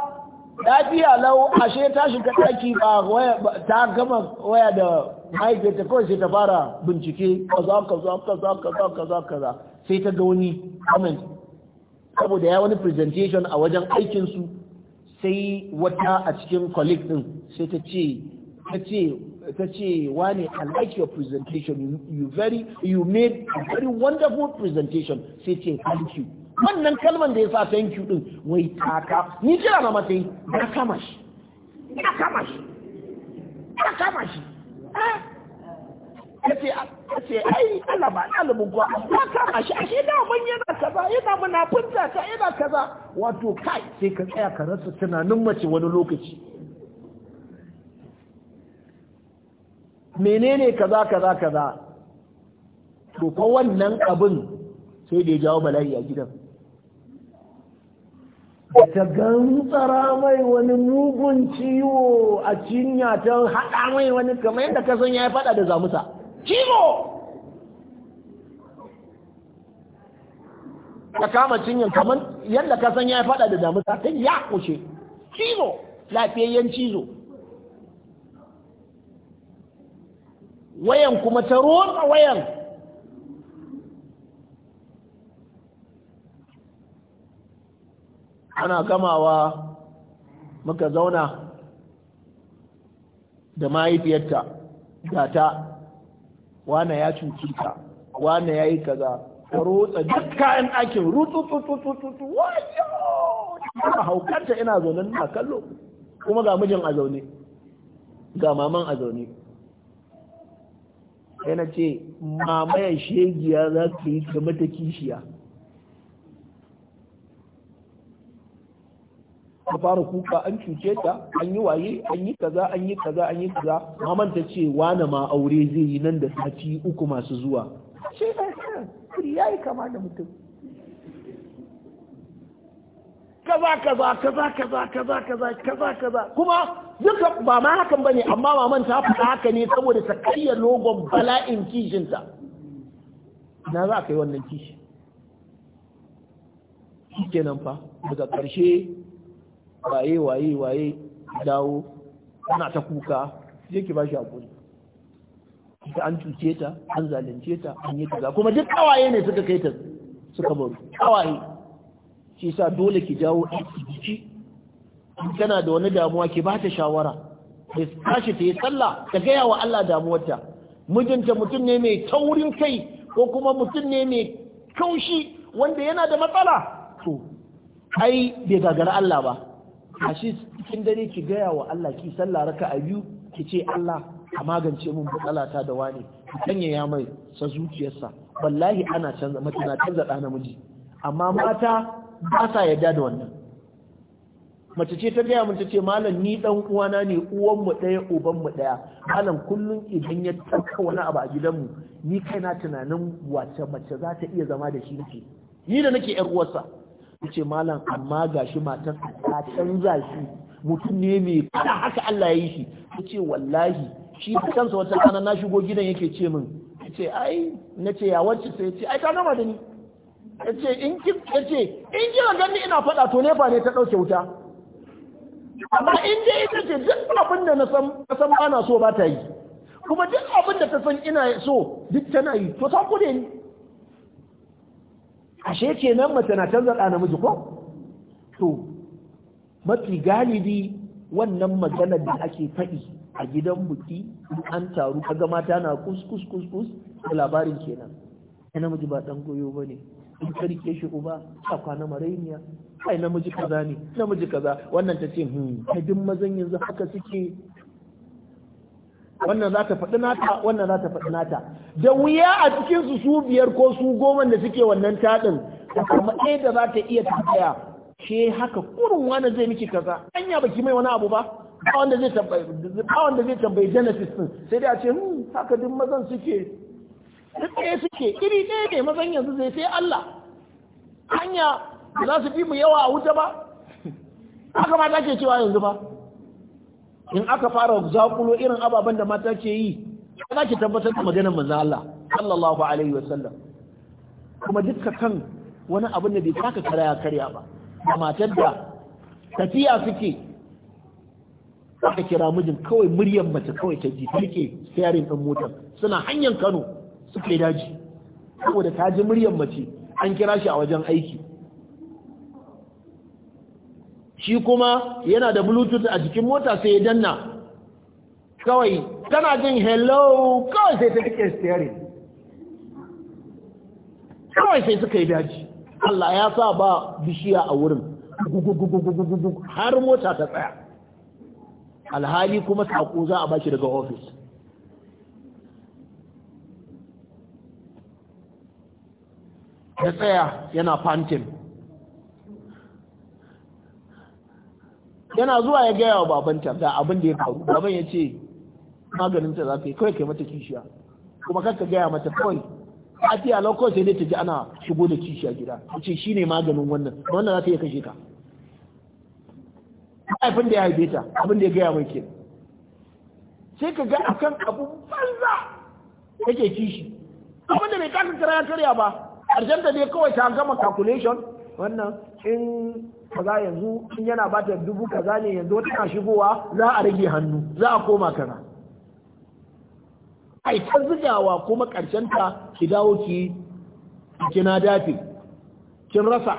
lafiya lau ashe ta ka ɗaki ba ta gama waya da ma'aikata kawai sai ta fara bincike kaza kaza kaza kaza kaza kaza sai ta ga wani comment saboda ya wani presentation a wajen aikinsu sai wata a cikin colleague ɗin sai ta ce ta ce wani I like your presentation you very you made a very wonderful presentation sai ce thank you wannan kalman da ya sa thank you din wai taka ni kira na matsayi na kama shi na kama shi na kama shi ya ce ya ce ai Allah ba ɗalibin kuwa na kama shi ashe mun yana kaza yana munafunta ka yana kaza wato kai sai ka tsaya ka rasa tunanin mace wani lokaci menene kaza kaza kaza to fa wannan abin sai da ya jawo bala'i a gidan ta gantsara mai wani mugun ciwo a cinya ta haɗa mai wani kamar yadda ka san ya faɗa da zamusa ciwo ka kama cinyan kamar yadda ka san ya faɗa da zamusa ta ya kushe ciwo lafiyayyen cizo wayan kuma ta rotsa wayan ana gamawa muka zauna da mahaifiyarta gata wane ya cuci ka wane ya yi kaza ta rotsa duk kayan ɗakin rututututu wayo ina haukanta ina zaune na kallo kuma ga mijin a zaune ga maman a zaune sai na ce mamaya shegiya za ka yi game da kishiya a fara kuka an cuce ta an yi waye an yi kaza an yi kaza an yi kaza maman ta ce wane ma aure zai yi nan da sati uku masu zuwa ce eh, eh, ya yi kama da mutum kaza kaza kaza kaza kaza kaza kaza kuma duka ba ma hakan bane amma maman ta faɗa haka ne saboda ta karya logon bala'in kishinta na za ka yi wannan kishi nan fa daga ƙarshe waye waye waye dawo ana ta kuka je ki bashi hakuri ita an cuce ta an zalunce ta an yi kaza kuma duk kawaye ne suka kai ta suka baro kawaye shi sa dole ki jawo aiki in tana da wani damuwa ki bata shawara ki tashi ta yi sallah ta gaya wa Allah damuwarta mijinta mutum ne mai taurin kai ko kuma mutum ne mai kaushi wanda yana da matsala to ai bai gagara Allah ba a shi cikin dare ki gaya wa Allah ki sallah raka a biyu ki ce Allah a magance mun matsalata da wani ki sanya ya mai sa zuciyarsa wallahi ana canza mace canza namiji amma mata ba sa yarda da wannan mace ce ta gaya mun ta ce malam ni dan uwana ne uwan mu daya uban mu daya malam kullun idan ya tsaka wani abu a gidanmu ni kaina tunanin wace mace za ta iya zama da shi ne ni da nake yar uwarsa ce malam amma gashi matan ta canza shi mutum ne mai kada haka Allah ya yi shi ta ce wallahi shi kansa wata ana na shigo gidan yake ce min ce ai na ce ya wacce sai ce ai ta gama da ni ya ce in kin ya ce in ina faɗa to ne ba ne ta ɗauke wuta amma in dai ita ce duk abin da na san san ana so ba ta yi kuma duk abin da ta san ina so duk tana yi to ta kude ni ashe kenan mace na canza ɗa namiji ko to mafi galibi wannan maganar da ake faɗi a gidan buki an taru kaga mata na kus-kus-kus da labarin kenan ya namiji ba ɗan goyo ba ne in ka rike shi uba a kwana marainiya kai namiji kaza ne namiji kaza wannan ta ce hmm duk mazan yanzu haka suke wannan za ta faɗi nata wannan za ta faɗi nata da wuya a cikin su su biyar ko su goma da suke wannan taɗin da kuma ɗaya da za ta iya tafiya she haka kurun wani zai miki kaza anya baki mai wani abu ba ba wanda zai tambayi ba wanda zai tambayi genesis din sai dai a ce hmm haka duk mazan suke duk ɗaya suke iri ɗaya ne mazan yanzu zai sai Allah hanya za su fi mu yawa a wuta ba haka mata ke cewa yanzu ba in aka fara zakulo irin ababen da mata ke yi za ki tabbatar da maganar manzo Allah sallallahu alaihi wasallam kuma dukka kan wani abin da bai taka ya karya ba da matar da tafiya suke aka kira mijin kawai muryar mace kawai ta ji take sayarin din motar suna hanyar Kano suke daji saboda ta ji muryar mace an kira shi a wajen aiki shi kuma yana da bluetooth a jikin mota sai ya danna kawai tana jin hello kawai sai ta rike steering kawai sai suka yi daji Allah ya sa ba bishiya a wurin har mota ta tsaya alhali kuma saƙo za a bashi daga ofis ya tsaya yana fantin yana zuwa ya gaya wa babanta ga abin da ya faru baban ya ce maganin ta za ka yi kawai kai mata kishiya kuma kar ka gaya mata kawai a tiya lokacin sai dai ta ji ana shigo da kishiya gida ta ce shi ne maganin wannan wannan za ta iya kashe ka mahaifin da ya haife ta abin da ya gaya mai ke sai ka ga akan abu banza yake kishi abin da bai kasa kira ya karya ba ƙarshen da dai kawai ta gama calculation wannan in kaza yanzu in yana bata dubu kaza ne yanzu tana shigowa za a rage hannu za a koma kaza ai ta zigawa kuma karshen ta ki dawo ki kina dafe. kin rasa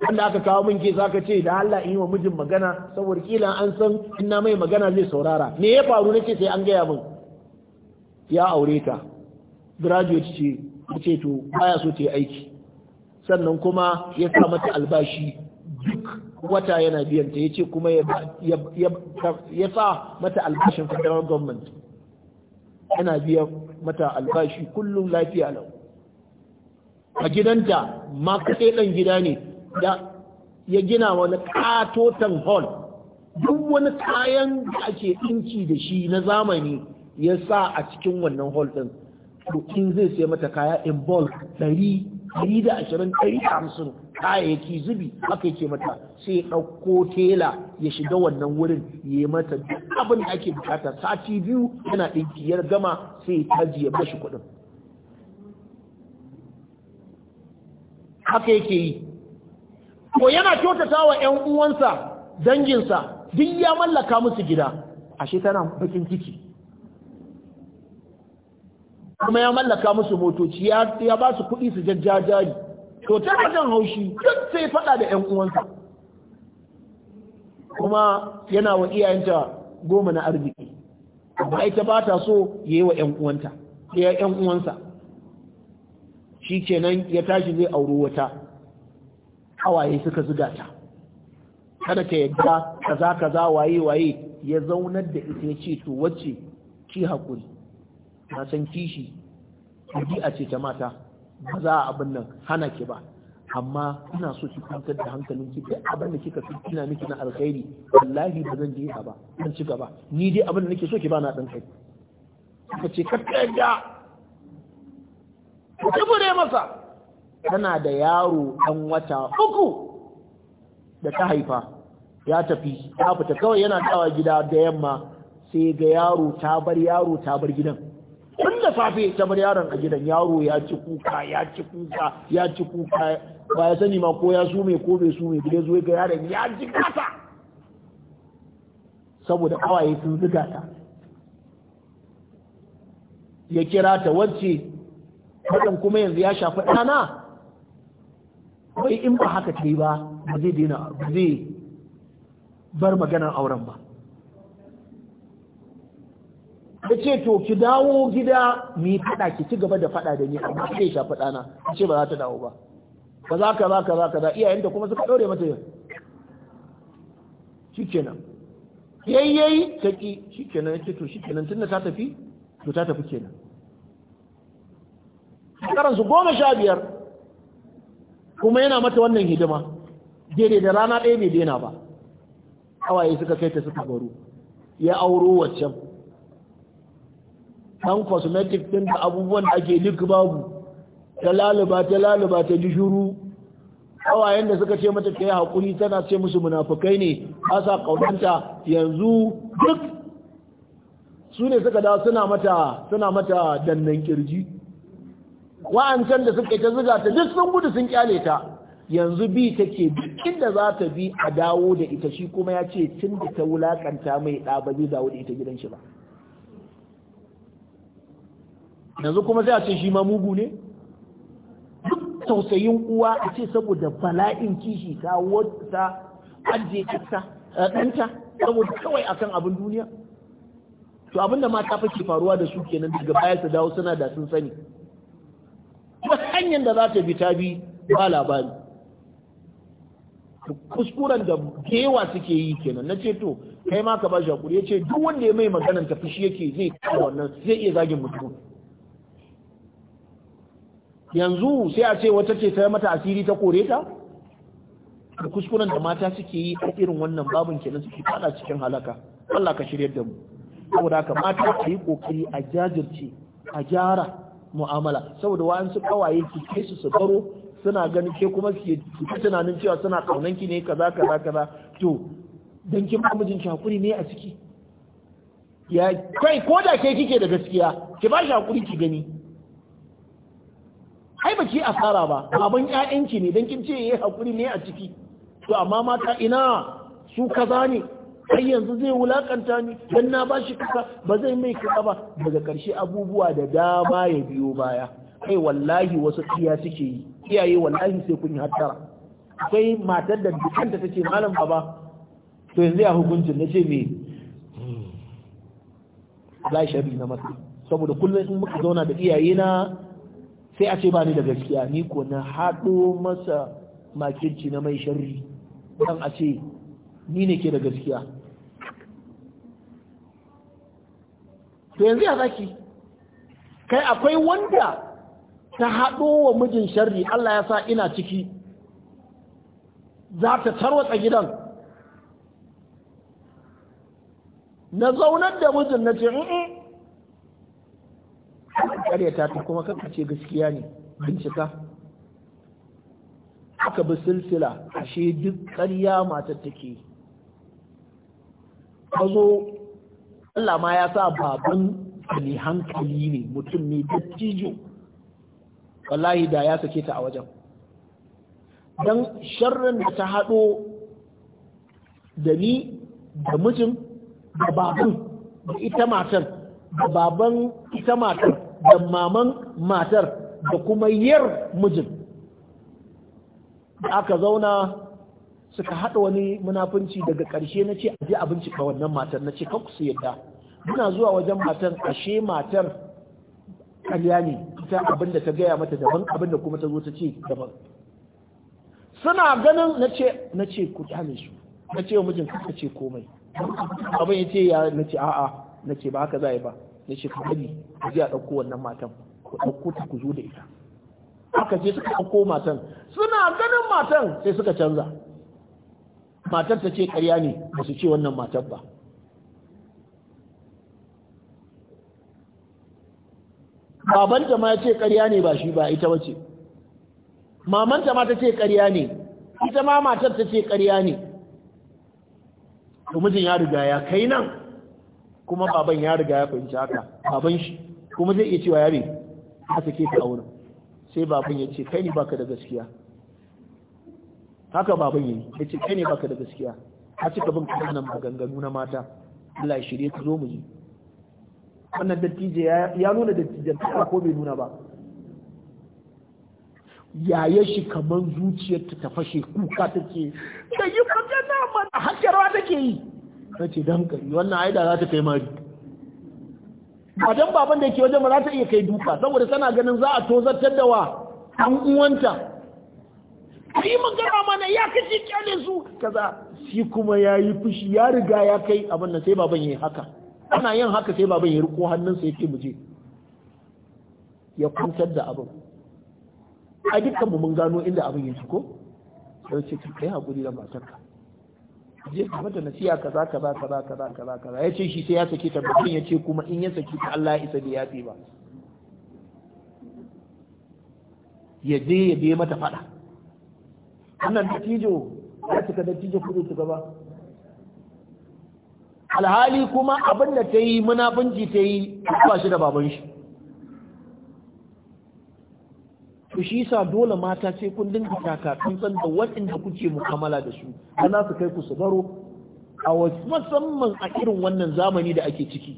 wanda aka kawo min ke ka ce da Allah in yi wa mijin magana saboda kila an san in na mai magana zai saurara me ya faru nake sai an gaya min ya aure ta graduate ce ce to baya so ta yi aiki sannan kuma ya sa mata albashi duk wata yana biyanta ya ce kuma ya sa mata albashin federal government yana biyan mata albashi kullum lafiya lau a gidanta ma kaɗai ɗan gida ne da ya gina wani katoton hall duk wani kayan da ake ɗinki da shi na zamani ya sa a cikin wannan hall ɗin to in zai sai mata kaya in bulk ɗari ɗari da ashirin kayayyaki zubi haka yake mata sai ya ɗauko tela ya shiga wannan wurin ya yi mata duk abin da ake bukata sati biyu yana ɗinki ya gama sai ya taji ya bashi kuɗin haka yake yi ko yana kyautata wa 'yan uwansa danginsa duk ya mallaka musu gida ashe tana bakin ciki kuma ya mallaka musu motoci ya ba su kuɗi su jajjajari to ta wajen haushi duk sai faɗa da 'yan uwansa kuma yana wa iyayenta goma na arziki amma ita ba ta so ya yi wa 'yan uwanta ya 'yan uwansa shi kenan ya tashi zai auro wata hawaye suka zuga ta kada ta yadda kaza kaza waye waye ya zaunar da ita ya ce to wacce ki haƙuri na san kishi ɗabi'a ce ta mata ba za a abin nan hana ki ba amma ina so ki kwantar da hankalin ki duk abin da kika fi ina miki na alkhairi wallahi ba zan je ba zan ci gaba ni dai abin da nake so ki ba na dan kai ka ce ka tsaya ka bude masa tana da yaro dan wata uku da ta haifa ya tafi ya fita kawai yana dawa gida da yamma sai ga yaro ta bar yaro ta bar gidan tun da safe ta bar yaron a gidan yaro ya ci kuka ya ci kuka ya ci kuka ba ya sani ma ko ya sume ko bai sume mai ya zo ga yaron ya ji kasa saboda kawaye sun zuga ta ya kira ta wacce hakan kuma yanzu ya shafi ɗana bai in ba haka ta yi ba ba zai ba zai bar maganar auren ba ya ce to ki dawo gida mu faɗa ki ci gaba da faɗa da ni amma sai sha faɗa na ta ce ba za ta dawo ba ba za ka za ka za ka za iyayenta kuma suka ɗaure mata yau shikenan yayyayi ta ki shikenan ya ce to tun da ta tafi to ta tafi kenan su goma sha biyar kuma yana mata wannan hidima daidai da rana ɗaya bai daina ba hawaye suka kai ta suka baro ya auro waccan ɗan cosmetic ɗin da abubuwan da ake duk babu ta laluba ta laluba ta ji shuru kawayen da suka ce mata kai yi haƙuri tana ce musu munafukai ne ba sa ƙaunanta yanzu duk su ne suka da suna mata suna mata dannan kirji wa'ancan da suka ta zuga ta duk sun gudu sun kyale ta yanzu bi take duk inda za ta bi a dawo da ita shi kuma ya ce tun da ta wulakanta mai ɗa ba zai dawo da ita gidan shi ba yanzu kuma sai a ce shi ma mugu ne duk tausayin uwa a ce saboda bala'in kishi ta wata ajiye ɗanta saboda kawai akan abin duniya to abinda mata fa ke faruwa da su kenan daga baya su dawo suna da sun sani kuma hanyar da za ta bi ta bi ba labari kuskuren da gewa suke yi kenan na ce to kai ma ka ba shi ya ce duk wanda ya mai maganan tafi yake zai kawo wannan zai iya zagin mutum yanzu sai a ce wata ce ta mata asiri ta kore ta da kuskuren da mata suke yi a irin wannan babin kenan suke fada cikin halaka Allah ka shirya da mu saboda haka mata ka yi kokari a jajirce a gyara mu'amala saboda su kawaye ki kai su baro suna ganin ke kuma suke tunanin cewa suna kaunan ki ne kaza kaza kaza to dan kin ba mijinki hakuri ne a ciki ya kai ko da ke kike da gaskiya ki ba shi hakuri ki gani ai baki asara ba baban ƴaƴanki ne dan kin ce yayi hakuri ne a ciki to amma mata ina su kaza ne Kai yanzu zai wulakanta ni dan na bashi kaza ba zai mai kaza ba daga karshe abubuwa da dama ya biyo baya kai wallahi wasu iya suke yi iyaye wallahi sai kun yi hattara akwai matar da dukanta take malam baba to yanzu ya hukuncin na ce me la shari na masa saboda kullum in muka zauna da iyaye na sai a ce ba ni da gaskiya ni ko na haɗo masa makirci na mai shari don a ce ni ne ke da gaskiya to yanzu ya zaki kai akwai wanda ta haɗo wa mijin shari Allah ya sa ina ciki za ta tarwatsa gidan na zaunar da mijin na ce karyata ta kuma ce gaskiya ne bincika aka bi silsila ashe duk karya mata take ka zo Allah ma ya sa baban ne hankali ne mutum ne dattijo wallahi da ya sake ta a wajen don sharrin da ta haɗo da ni da mijin da babur, da ita matar. da baban ita matar da maman matar da kuma yar mijin aka zauna suka haɗa wani munafunci daga ƙarshe na ce a je a bincika wannan matar na ce kanku su yadda muna zuwa wajen matar ashe matar ƙarya ne ita abin da ta gaya mata daban abin da kuma ta zo ta ce daban suna ganin na ce na ce ku kyale su na ce wa mijin ka ce komai abin ya ce ya na ce a'a na ce ba haka za a yi ba na ce ka bari ku je a ɗauko wannan matan ku ɗauko ta ku zo da ita haka je suka ɗauko matan suna ganin matan sai suka canza matar ta ce ƙarya ne ba su ce wannan matan ba babanta ma ya ce ƙarya ne ba shi ba ita wace mamanta ma ta ce ƙarya ne ita ma matar ta ce ƙarya ne to mijin ya riga ya kai nan kuma baban ya riga ya fahimci haka baban shi kuma zai iya cewa yare a sake ta auren sai baban ya ce kai ne baka da gaskiya haka baban yi ya ce kai ne baka da gaskiya a cika bin kananan maganganu na mata Allah ya shirye ka zo mu ji wannan dattijo ya nuna dattijan ta ko bai nuna ba Ya ya shi kamar zuciyarta ta fashe kuka take da yi magana mana hakkarwa take yi na ce dan kai wannan aida za ta kai mari ba dan baban da yake wajen ba za ta iya kai duka saboda tana ganin za a tozartar da wa an uwanta yi magana mana ya kace kyale su kaza shi kuma ya yi fushi ya riga ya kai abin nan sai baban yayi haka ana yin haka sai baban ya riko hannunsa ya ce muje. ya kwantar da abin a dukkanmu mun gano inda abin ya ko sai ce kai hakuri da matarka je ka mata nasiha kaza kaza kaza kaza kaza kaza ya ce shi sai ya saki ta mutum ya ce kuma in ya saki ta Allah ya isa da yafi ba ya je ya biye mata fada wannan dattijo ya cika dattijo kudu su gaba? alhali kuma abin da ta yi munafunci ta yi ba shi da baban shi to shi sa dole mata ce kun dinga taka san da waɗanda kuke mukamala da su ana su kai ku su baro a musamman a irin wannan zamani da ake ciki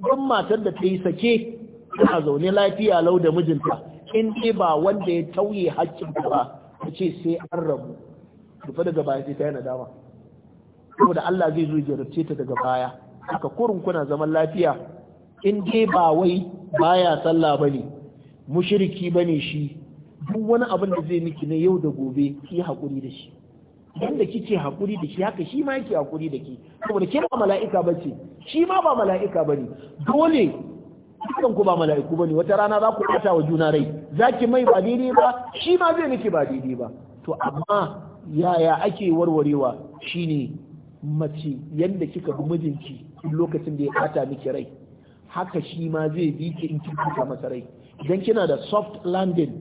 don matar da ta yi sake a zaune lafiya lau da mijinta in dai ba wanda ya tauye haƙƙin ba ta ce sai an rabu rufe daga baya sai ta yana dama saboda Allah zai zo jarabce ta daga baya haka kurun kuna zaman lafiya in dai ba wai baya sallah bane Mushiriki bane shi duk wani abin da zai miki na yau da gobe ki hakuri da shi yanda kike hakuri da shi haka shi ma yake hakuri da ki saboda ke ba mala'ika bace shi ma ba mala'ika bane dole dukan ku ba mala'iku bane wata rana za ku ɓata wa juna rai za ki mai ba daidai ba shi ma zai miki ba daidai ba to amma yaya ake warwarewa shine mace yanda kika bi mijinki lokacin da ya ɓata miki rai haka shi ma zai bi ki in kika masa rai idan kina da soft landing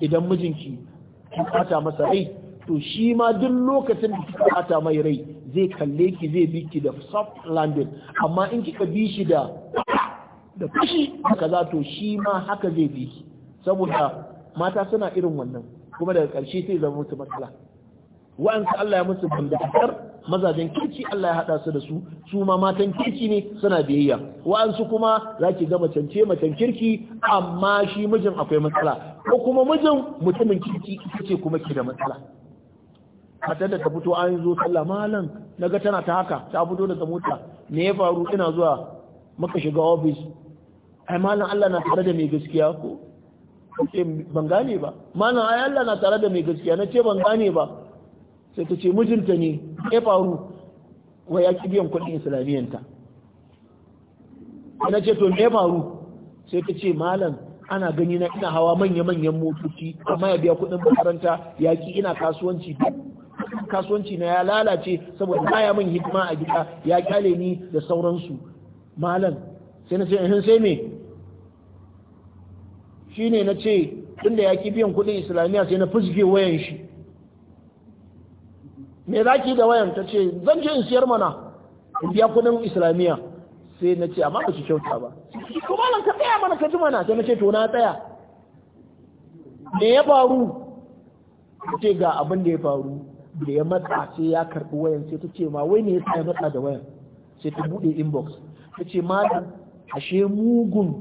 idan mijinki ki bata masa rai to shi ma duk lokacin da kika bata mai rai zai kalle ki zai bi ki da soft landing amma in kika bi shi da da fushi haka za to shi ma haka zai bi ki saboda mata suna irin wannan kuma daga ƙarshe sai zama musu matsala wa'ansu Allah ya musu bandatar mazajen kirki Allah ya hada su da su su ma matan kirki ne suna biyayya wa'ansu kuma zaki ga macen ce macen kirki amma shi mijin akwai matsala ko kuma mijin mutumin kirki ita ce kuma ke da matsala matar da ta fito an zo sallah malam naga tana ta haka ta fito da mota me ya faru ina zuwa muka shiga ofis ai malam Allah na tare da mai gaskiya ko ce eh, ban gane ba malam ai Allah na tare da mai gaskiya na ce ban gane ba sai ta ce mijinta ne ya faru wa ya ki biyan kuɗin islamiyanta, na ce to me ya faru sai ta ce malam ana gani na ina hawa manya-manyan motoci amma ya biya kuɗin makaranta ya ki ina kasuwanci kasuwanci na ya lalace saboda baya min hidima a gida ya kyale ni da sauransu malam sai na ce in eh, sai me shine na ce tunda ya ki biyan kuɗin islamiyya sai na fusge wayan shi me za ki da wayan ta ce zan je in siyar mana in biya kudin islamiyya sai na ce amma ba ci kyauta ba kuma malam ka tsaya mana ka ji mana sai na ce to na tsaya me ya faru ce ga abin da ya faru da ya matsa sai ya karɓi wayan sai ta ce ma wai ne ya matsa da wayan sai ta buɗe inbox ta ce da ashe mugun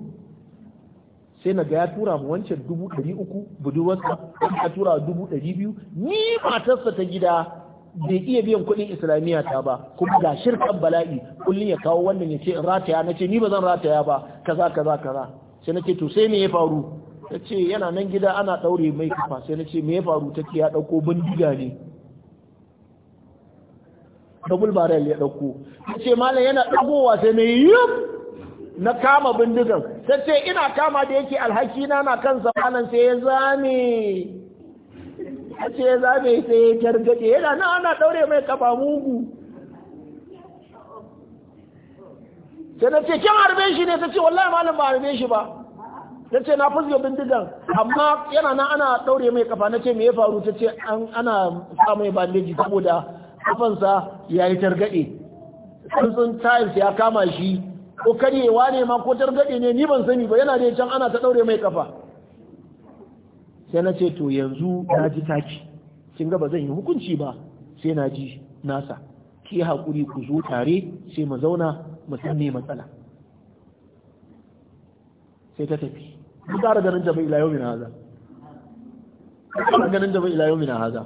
sai na ga ya tura mu wancan dubu ɗari uku budurwarsa ya tura dubu ɗari biyu ni matarsa ta gida bai iya biyan kuɗin islamiyya ta ba kuma ga shirkan bala'i kullum ya kawo wannan ya ce in rataya na ce ni ba zan rataya ba kaza kaza kaza sai na ce to sai me ya faru ta ce yana nan gida ana ɗaure mai kafa sai na ce me ya faru ta ce ya ɗauko bindiga ne double barrel ya ɗauko ta ce malam yana ɗagowa sai na yi na kama bindigan ta ce ina kama da yake alhaki na na kan malam sai ya zame a ce ya zame sai ya yana na ana daure mai kafa mugu sai na ce kin harbe shi ne ta ce wallahi malam ba harbe shi ba ta ce na fusga bindigan amma yana na ana daure mai kafa na ce me ya faru ta ce ana sa mai bandeji saboda kafansa ya yi targaɗe sun times ya kama shi ko karyewa ne ma ko targaɗe ne ni ban sani ba yana da can ana ta daure mai kafa sai na ce to yanzu na ji taki kin ga ba zan yi hukunci ba sai na ji nasa ki hakuri ku zo tare sai mu zauna mu sanne matsala sai ta tafi ku ƙara ganin da ila yau mina haza ku ƙara ganin da ila yau mina haza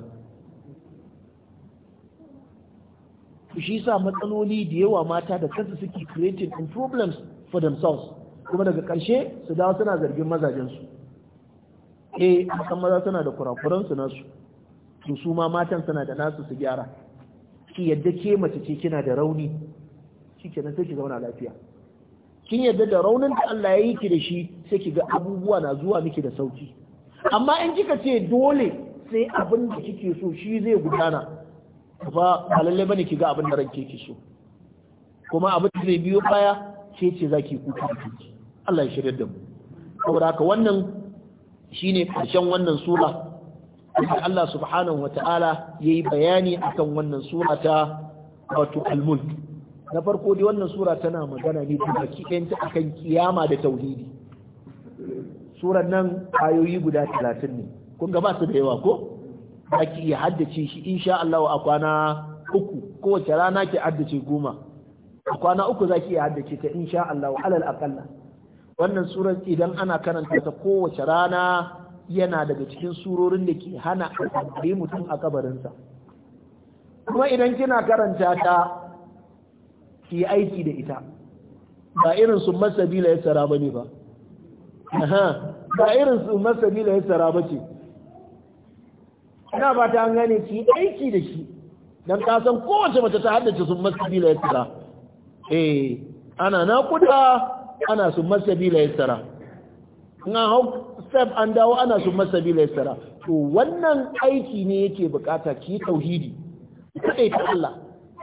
shi sa matsaloli da yawa mata da kansu suke creating problems for themselves kuma daga ƙarshe su dawo suna zargin mazajensu eh kan maza suna da kurakuran su nasu to su ma matan suna da nasu su gyara ki yadda ke mace ce kina da rauni nan sai ki zauna lafiya kin yadda da raunin da Allah ya yi ki da shi sai ki ga abubuwa na zuwa miki da sauki amma in kika ce dole sai abin da kike so shi zai gudana ba ba bane ki ga abin da ranke ki so kuma abin da zai biyo baya ce ce zaki kuka Allah ya shirya da mu saboda haka wannan shine karshen wannan sura da Allah subhanahu wata'ala yayi bayani akan wannan sura ta wato al-mulk na farko dai wannan sura tana magana ne da a akan kiyama da tauhidi suran nan ayoyi guda talatin ne kun ga su da yawa ko ki iya haddace shi insha Allah a kwana uku kowace rana ki haddace goma a kwana uku zaki iya haddace ta insha Allah alal aqalla wannan surar idan ana karanta ta kowace rana yana daga cikin surorin da ke hana a tambaye mutum a kabarinsa kuma idan kina karanta ta ki aiki da ita ba irin su masabila ya tsara ba ne ba ba irin su masabila ya tsara ba ce ina ba ta gane ki aiki da shi don ka san kowace mace ta haddace sun masabila ya tsara eh ana na kuda ana su masabila ya in an hau step an dawo ana su masabila yassara to wannan aiki ne yake bukata ki tauhidi kada ta Allah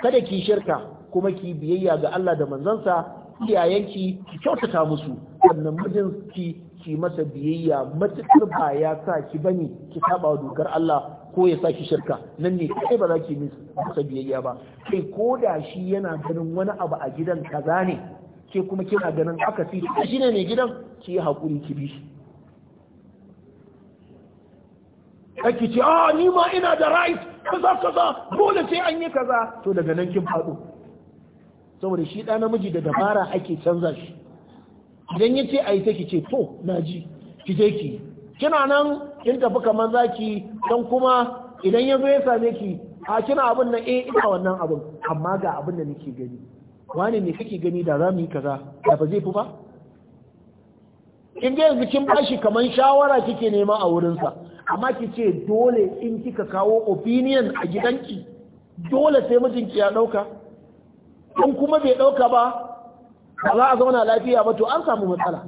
kada ki shirka kuma ki biyayya ga Allah da manzansa iyayenki ki kyautata musu wannan mijinki ki masa biyayya matukar ba ya sa ki bane ki saba dokar Allah ko ya sa ki shirka nan ne kai ba za ki masa biyayya ba kai ko da shi yana ganin wani abu a gidan kaza ne ke kuma kina ganin aka fi shi ne mai gidan ki yi haƙuri ki bi shi ake ce a ah, ni ma ina da right kaza kaza dole sai an yi kaza to daga nan kin faɗo saboda shi ɗa namiji da dabara ake canza shi idan ya ce a yi ki ce to na ji ki je ki kina nan in tafi kamar ki dan kuma idan ya zo ya same ki a kina abin nan eh ina wannan abin amma ga abin da nake gani wani ne kake gani da za mu yi kaza da ba zai fi ba in yanzu kin bashi kamar shawara kike nema a wurinsa amma ki ce dole in kika kawo opinion a gidanki dole sai mijinki ya dauka in kuma bai dauka ba ba za a zauna lafiya ba to an samu matsala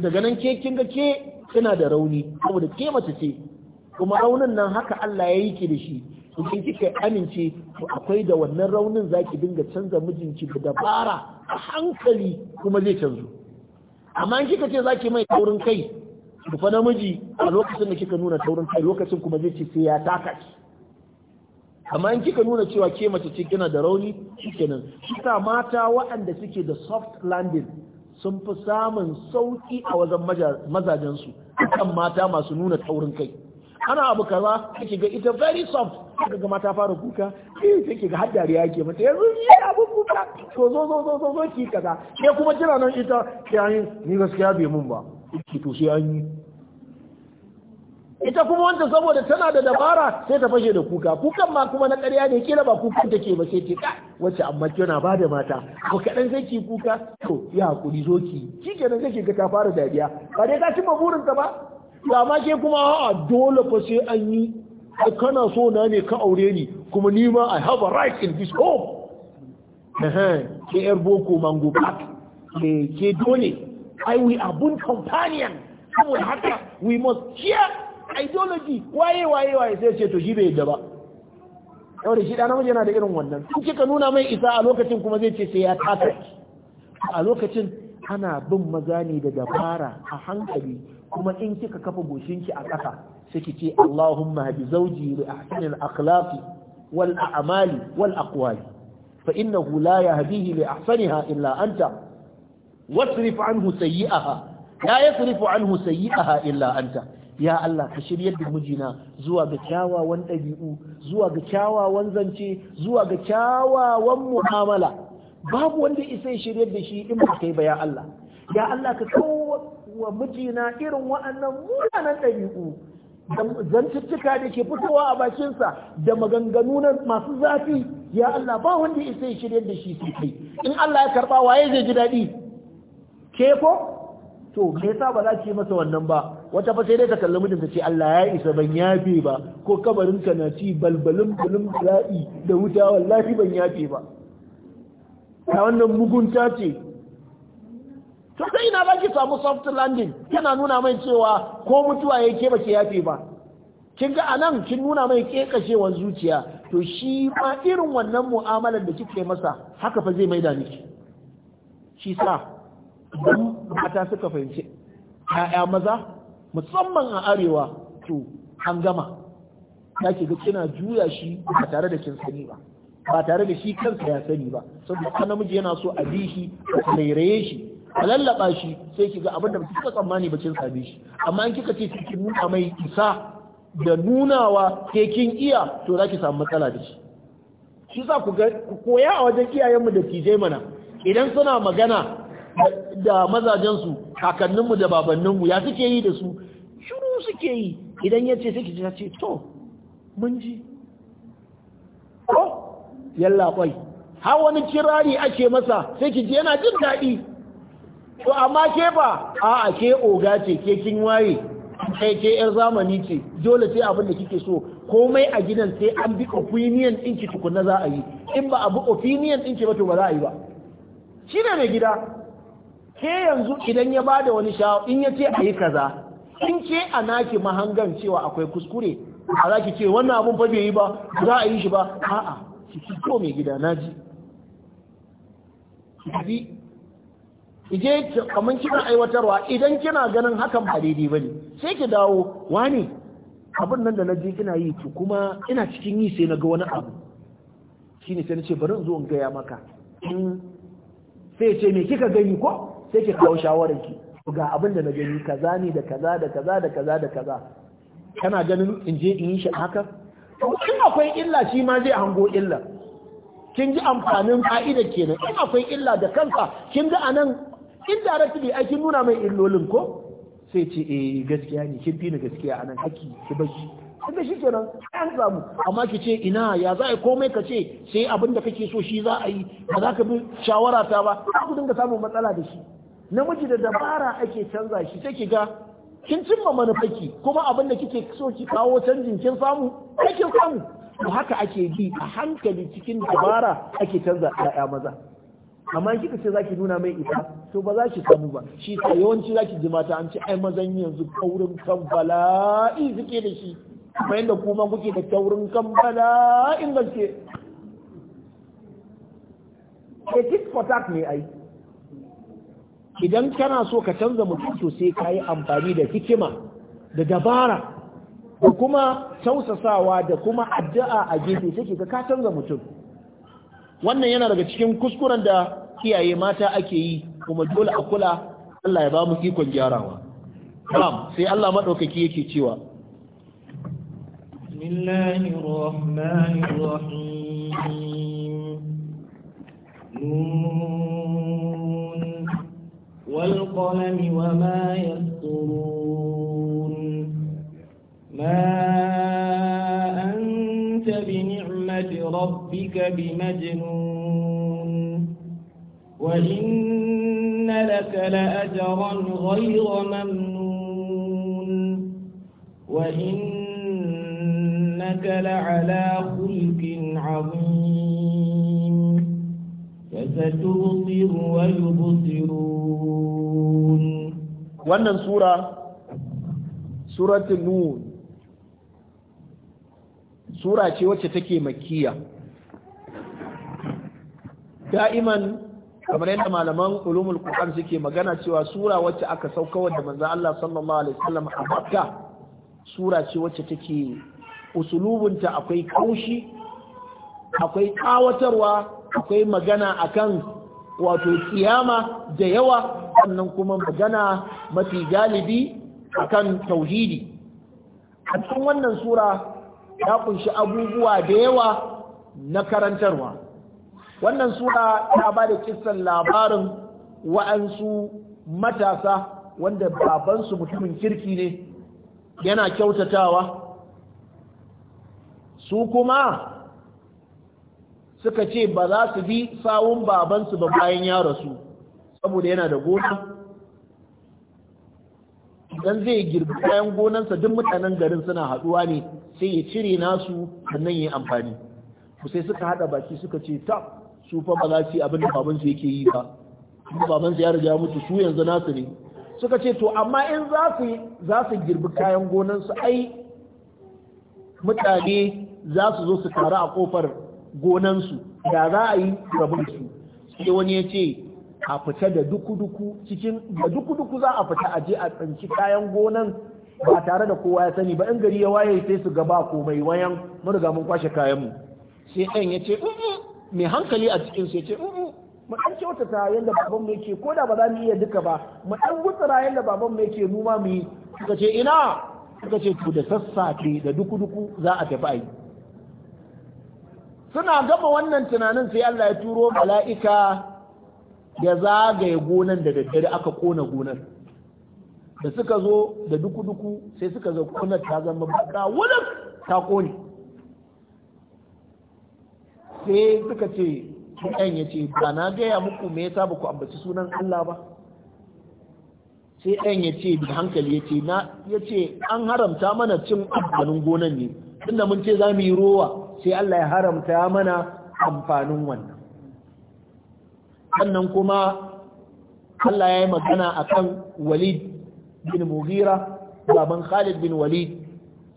daga nan ke kin ga ke kina da rauni saboda ke mace ce kuma raunin nan haka Allah ya yi ki da shi idan kika amince to akwai da wannan raunin zaki dinga canza mijinki da dabara a hankali kuma zai canzu amma kika ce zaki mai taurin kai to fa namiji a lokacin da kika nuna taurin kai lokacin kuma zai ce sai ya taka ki amma in kika nuna cewa ke mace ce kina da rauni shikenan kika mata waɗanda suke da soft landing sun fi samun sauki a wajen mazajensu kan mata masu nuna taurin kai ana abu kaza ake ga ita very soft kaga ga mata fara kuka eh take ga har dariya yake mata yanzu ya abu kuka to zo zo zo zo zo ki kaza ke kuma jira nan ita yayin ni gaskiya bai mun ba ki to sai an yi ita kuma wanda saboda tana da dabara sai ta fashe da kuka kukan ma kuma na ƙarya ne kila ba kukan take ba sai ka wacce amma kina ba da mata ko kaɗan sai ki kuka to ya hakuri zo ki nan sai ki ga ta fara dariya ba dai ka cimma burinka ba ba ke kuma a dole fa sai an yi kana so na ne ka aure ni kuma ni ma i have a right in this home ke er boko mango park ke ke dole ai we are boon companion so haka we must share ideology waye waye waye sai ce to shi bai ba yau shi ɗan namiji yana da irin wannan in kika nuna mai isa a lokacin kuma zai ce sai ya taka a lokacin ana bin maza ne da dabara a hankali kuma in kika kafa goshinki a ƙasa sai ki ce Allahumma hadi zawji bi ahsanil akhlaqi wal a'mali wal aqwali fa innahu la yahdihi li ahsaniha illa anta wasrif anhu sayyi'aha la yasrifu anhu sayyi'aha illa anta ya Allah ka shiryar da mijina zuwa ga kyawawan ɗabi'u zuwa ga kyawawan zance zuwa ga kyawawan mu'amala babu wanda isa ya shiryar da shi in ba kai ba ya Allah ya Allah ka kawo wa mijina irin wa'annan munanan ɗabi'u zantuttuka da ke fitowa a bakinsa da maganganu na masu zafi ya Allah ba wanda ya sai shirya da shi su kai in Allah ya karɓa waye zai ji daɗi ke ko to me yasa ba za ki masa wannan ba wata fa sai dai ta kalli ta ce Allah ya isa ban yafe ba ko kabarin ka na ci balbalin bulun da wuta wallahi ban yafe ba ta wannan mugunta ce to sai ina za ki samu soft landing yana nuna mai cewa ko mutuwa ya ke yafe ba kin ga anan kin nuna mai kekashewar zuciya to shi ma irin wannan mu'amalar da kike masa haka fa zai maida miki shi sa don mata suka fahimci ƴaƴa maza musamman a arewa to an gama Ya ke ga kina juya shi ba tare da kin sani ba ba tare da shi kansa ya sani ba saboda namiji yana so a bi shi a rairaye shi a lallaba shi sai ki ga abin da kika tsammani ba kin same shi amma in kika ce kin nuna mai isa da nunawa ke kin iya to za ki samu matsala da shi shi za ku koya a wajen iyayenmu da tijai mana idan suna magana da mazajensu kakanninmu da babanninmu ya suke yi da su shiru suke yi idan ya ce suke ta ce to mun ji ko yalla kwai har wani kirari ake masa sai ki ji yana jin daɗi to amma ke ba a a ke oga ce ke kin waye kai ke yar zamani ce dole sai abin da kike so komai a gidan sai an bi opinion din ki tukunna za a yi in ba a bi opinion din ki ba to ba za a yi ba shi ne mai gida ke yanzu idan ya bada wani shawara in ya ce a yi kaza in ce a naki mahangan cewa akwai kuskure a za ki ce wannan abun fa bai yi ba za a yi shi ba a'a ki ko mai gida naji ije kamar kina aiwatarwa idan kina ganin hakan ba daidai bane sai ki dawo wani abin nan da na je kina yi ki kuma ina cikin yi sai na ga wani abu shine sai na ce bari in zo in gaya maka in sai ce me kika gani ko sai ki kawo shawarar ki ga abin da na gani kaza ne da kaza da kaza da kaza da kaza kana ganin in je in yi shi haka to in akwai illa shi ma zai hango illa kin ji amfanin fa'ida kenan in akwai illa da kanka kin ga anan In da indirectly ai aikin nuna mai illolin ko sai ce eh gaskiya ne kin fi ni gaskiya anan haki ki bashi kaga shi kenan an samu amma ki ce ina ya za a komai ka ce sai abin da kake so shi za a yi ba za ka bi shawara ta ba za ku dinga samun matsala da shi namiji da dabara ake canza shi sai ki ga kin cimma manufarki kuma abin da kike so ki kawo canjin kin samu kin samu to haka ake bi a hankali cikin dabara ake canza 'ya'ya maza amma kika ce zaki nuna mai ita to ba za shi kamu ba shi ta yawanci zaki ji mata an ce ai mazan yanzu kaurin kan bala'i suke da shi kuma yadda kuma kuke da kaurin kan bala'in gaske ke tit for tat ne ai idan kana so ka canza mutum to sai ka yi amfani da hikima da dabara da kuma tausasawa da kuma addu'a a gefe sai ka canza mutum wannan yana daga cikin kuskuren da kiyaye mata ake yi kuma dole a kula Allah ya ba mu ikon gyarawa na'am sai Allah maɗaukaki yake cewa bismillahir rahmanir rahim nun wal آيات ربك بمجنون وإن لك لأجرا غير ممنون وإنك لعلى خلق عظيم فستبصر ويبصرون وأن سورة سورة النور sura ce wacce take makiya da'iman kamar yadda malaman ulumul qur'an suke magana cewa sura wacce aka sauka da manzo Allah sallallahu alaihi wasallam a Makka sura ce wacce take usulubunta akwai kaushi akwai kawatarwa akwai magana akan wato kiyama da yawa sannan kuma magana mafi galibi akan tauhidi a cikin wannan sura ya kunshi abubuwa da yawa na karantarwa wannan suna ya ba da kissan labarin wa'ansu matasa wanda babansu mutumin kirki ne yana kyautatawa su kuma suka ce ba za su bi sawun babansu ba bayan ya rasu saboda yana da gona Idan zai girbi kayan gonansa duk mutanen garin suna haɗuwa ne sai ya cire nasu sannan ya amfani ku sai suka haɗa baki suka ce ta su fa ba za su yi abin da babansu yake yi ba kuma babansu ya riga mutu su yanzu nasu ne suka ce to amma in za su za su girbi kayan gonansu ai mutane za su zo su taru a kofar gonansu da za a yi rabin su sai wani ya ce a fita da duku-duku cikin da duku-duku za a fita a je a tsanci kayan gonan ba tare da kowa ya sani ba in gari ya waye sai su gaba mai wayan mun riga mun kwashe kayan mu sai ɗan ya ce mai mm, mm, hankali a cikin sai ce mm, mu ɗan kyautata yadda baban mu yake ko da ba za mu iya duka ba mu dan gutsara yadda baban mu yake mu ma mu yi suka ce ina suka ce to da sassafe da duku-duku za a tafi ayi suna gama wannan tunanin sai Allah ya turo mala'ika ya zagaye gonan da daddare aka kona gonar da suka zo da duku-duku sai suka zo gonar ta zama baka wurin ta kone sai suka ce ɗan ya ce ba na gaya muku me yasa ba ku ambaci sunan Allah ba sai ɗan ya ce da hankali ya ce na ya ce an haramta mana cin amfanin gonan ne tunda mun ce za mu yi rowa sai Allah ya haramta mana amfanin wannan sannan kuma Allah ya yi magana a kan Walid bin Mughira baban Khalid bin Walid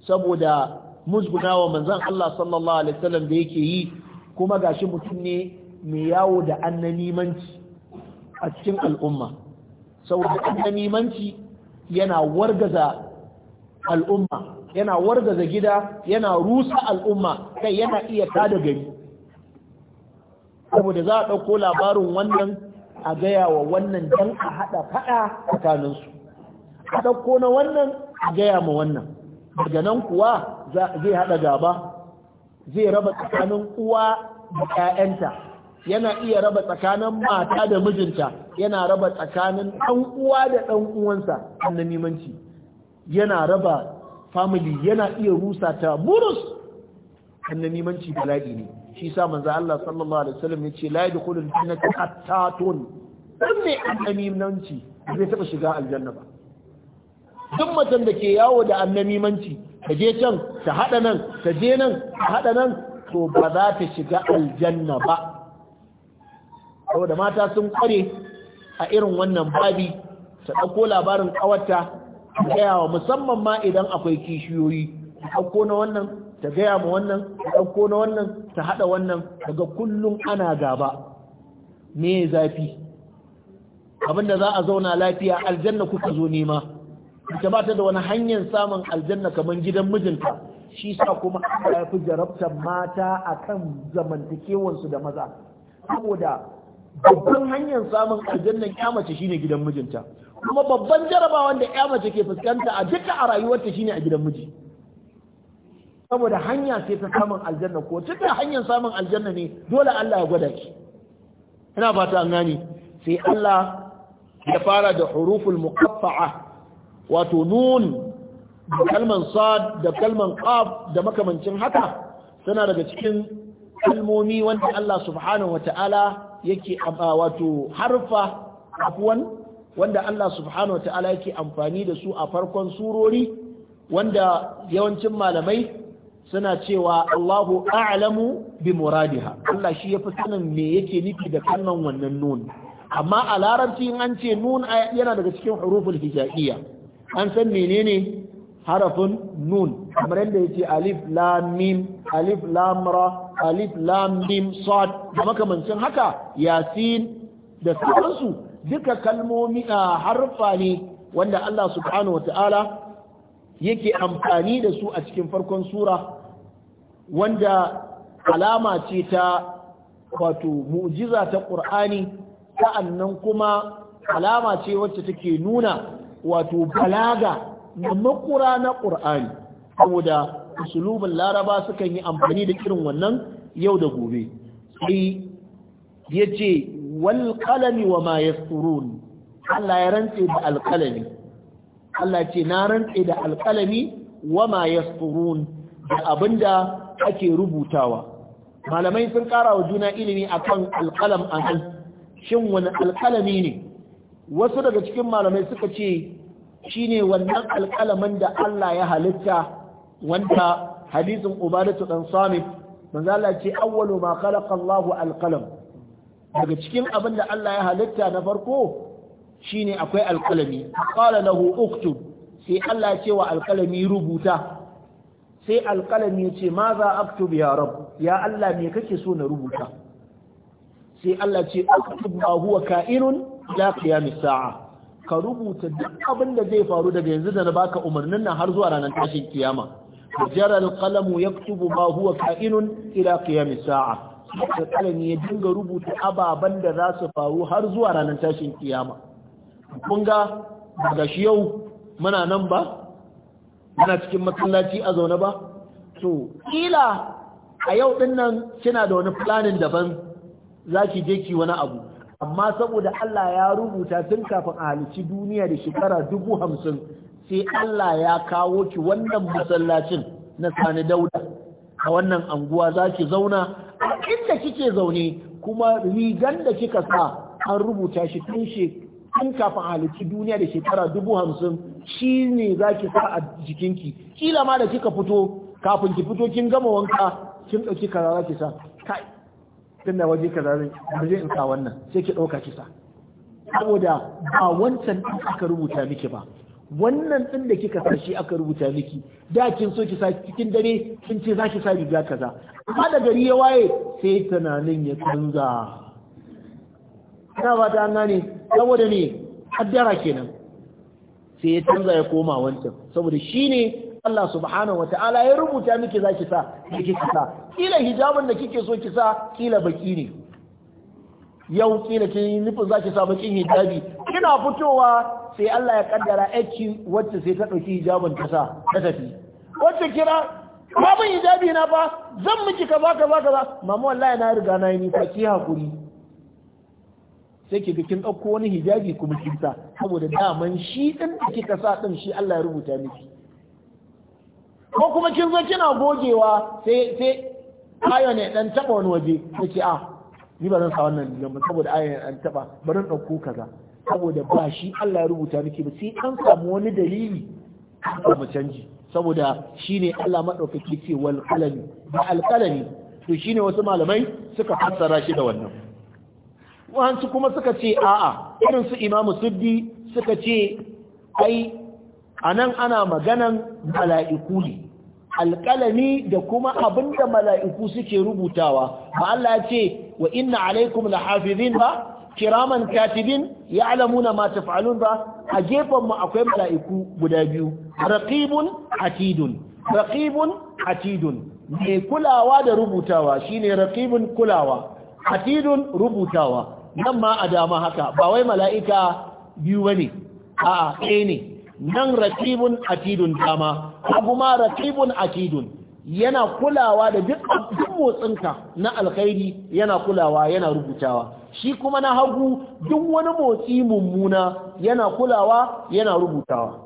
saboda musgunawa manzan Allah sallallahu Alaihi wasallam da yake yi kuma gashi mutum ne mai yawo da annanimanci a cikin al'umma saboda annanimanci yana wargaza al'umma yana wargaza gida yana rusa al'umma kai yana iya tada gari saboda za a ɗauko labarin wannan a gaya wa wannan dan a haɗa faɗa tsakaninsu a ɗauko na wannan a gaya ma wannan daga nan kuwa zai haɗa gaba zai raba tsakanin uwa da 'ya'yanta yana iya raba tsakanin mata da mijinta yana raba tsakanin ɗan uwa da ɗan uwansa annamimanci yana raba famili. yana iya rusa ta burus annamimanci bala'i ne shi sa manzo Allah sallallahu alaihi wasallam yace la yadkhulul jannata qattatun dan ne annamimanci zai taba shiga aljanna ba duk matan da ke yawo da annamimanci ta je can ta hada nan ta je nan ta hada nan to ba za ta shiga aljanna ba saboda mata sun kware a irin wannan babi ta dauko labarin kawarta ta wa musamman ma idan akwai kishiyoyi ta dauko na wannan ta gaya ma wannan ta ɗauko na wannan ta haɗa wannan daga kullum ana gaba me zafi abinda za a zauna lafiya aljanna kuka zo nema ita ba ta da wani hanyar samun aljanna kamar gidan mijinta shi sa kuma aka ya fi jarabtar mata akan zamantakewansu da maza saboda babban hanyar samun aljannan ya mace shine gidan mijinta kuma babban jarabawan da ya mace ke fuskanta a duka a rayuwarta shine a gidan miji saboda hanya ce ta samun aljanna ko ta hanyar samun aljanna ne dole Allah ya gwada shi ina fata an gane sai Allah ya fara da huruful muqaffa'a wato nun da kalman sad da kalman qaf da makamancin haka suna daga cikin kalmomi wanda Allah subhanahu wata'ala yake wato harfa afwan wanda Allah subhanahu wata'ala yake amfani da su a farkon surori wanda yawancin malamai suna cewa Allahu a'lamu bi muradiha Allah shi yafi sanin me yake nufi da kannan wannan nun amma a larabci an ce nun yana daga cikin huruful hija'iya an san menene harafin nun kamar yadda yake alif lam mim alif lam ra alif lam mim sad makamancin haka yasin da sauransu duka kalmomi a harfa ne wanda Allah subhanahu wataala yake amfani da su a cikin farkon sura wanda alama ce ta wato mu'jiza ta ƙur'ani sa'annan kuma alama ce wacce take nuna wato balaga na makura na ƙur'ani saboda usulubin laraba sukan yi amfani da irin wannan yau da gobe sai ya ce wal kalami wa ma ya Allah ya rantse da alkalami Allah ce na rantse da alkalami wa ma ya da abinda ake rubutawa malamai sun ƙara wa juna ilimi akan alƙalam a shin wani alƙalami ne wasu daga cikin malamai suka ce shine wannan alƙalamin da Allah ya halitta wanda hadisin ubadatu dan samit manzo Allah ce awwalu ma khalaqa Allahu alqalam daga cikin abin da Allah ya halitta na farko shine akwai alqalami qala lahu uktub sai Allah ya ce wa alƙalami rubuta sai alƙalami ya ce ma za aktub ya rab ya Allah me kake so na rubuta sai Allah ce aktub ma huwa ka'inun ila qiyamis sa'a ka rubuta duk abin da zai faru daga yanzu da na baka umarnin nan har zuwa ranar tashin kiyama jara alqalamu yaktubu ma huwa ka'inun ila qiyamis sa'a alƙalam ya dinga rubuta ababan da za su faru har zuwa ranar tashin kiyama Kunga, ga daga shi yau muna nan ba muna cikin matsalaci a zaune ba to Ƙila, a yau din nan kina da wani planin daban zaki je ki wani abu amma saboda Allah ya rubuta tun kafin a halici duniya da shekara dubu hamsin sai Allah ya kawo ki wannan masallacin na sani dauda a wannan anguwa za ki zauna inda kike zaune kuma rigan da kika sa an rubuta shi tun tun kafin a halittu duniya da shekara dubu hamsin shi ne za ki sa a jikinki kila ma da kika fito kafin ki fito kin gama wanka kin ɗauki karara ki sa kai tun da waje waje in sa wannan sai ki ɗauka ki sa saboda ba wancan ɗin aka rubuta miki ba wannan ɗin da kika sa shi aka rubuta miki da kin so ki sa cikin dare kin ce za ki sa riga kaza amma da gari ya waye sai tunanin ya canza ina ba ta gane saboda ne haddara kenan sai ya canza ya koma wancan saboda shine Allah subhanahu wataala ya rubuta miki zaki sa miki sa kila hijabin da kike so ki sa kila baki ne yau kila kin nufin zaki sa bakin hijabi kina fitowa sai Allah ya kaddara aiki wacce sai ta ɗauki hijabin ta sa ta tafi wacce kira babu hijabi na fa zan miki kaza kaza kaza mama wallahi na riga na yi ni fa ki hakuri sai ke ga kin ɗauko wani hijabi kuma kin sa saboda daman shi ɗin da kika sa ɗin shi Allah ya rubuta miki ko kuma kin zo kina gogewa sai sai ayo ne dan taba wani waje kace a ah, ni ba zan sa wannan dan ba saboda ayon an taba bari ɗauko kaza saboda ba shi Allah ya rubuta miki ba sai an samu wani dalili mu canji saboda shine Allah madaukaki ce wal qalami ba al qalami to shine wasu malamai suka fassara shi da wannan wasu kuma suka ce a'a irin su imamu suddi suka ce ai anan ana maganan mala'iku ne alƙalami da kuma abinda mala'iku suke rubutawa ba Allah ya ce wa inna alaikum lahafizin ba kiraman katibin ya alamuna ma taf'alun ba a gefen mu akwai mala'iku guda biyu raqibun atidun raqibun atidun mai kulawa da rubutawa shine raqibun kulawa atidun rubutawa nan ma a dama haka ba wai mala'ika biyu bane a ɗaya ne nan rakibun atidun dama kuma rakibun akidun yana kulawa da duk motsinka na alkhairi yana kulawa yana rubutawa shi kuma na hagu duk wani motsi mummuna yana kulawa yana rubutawa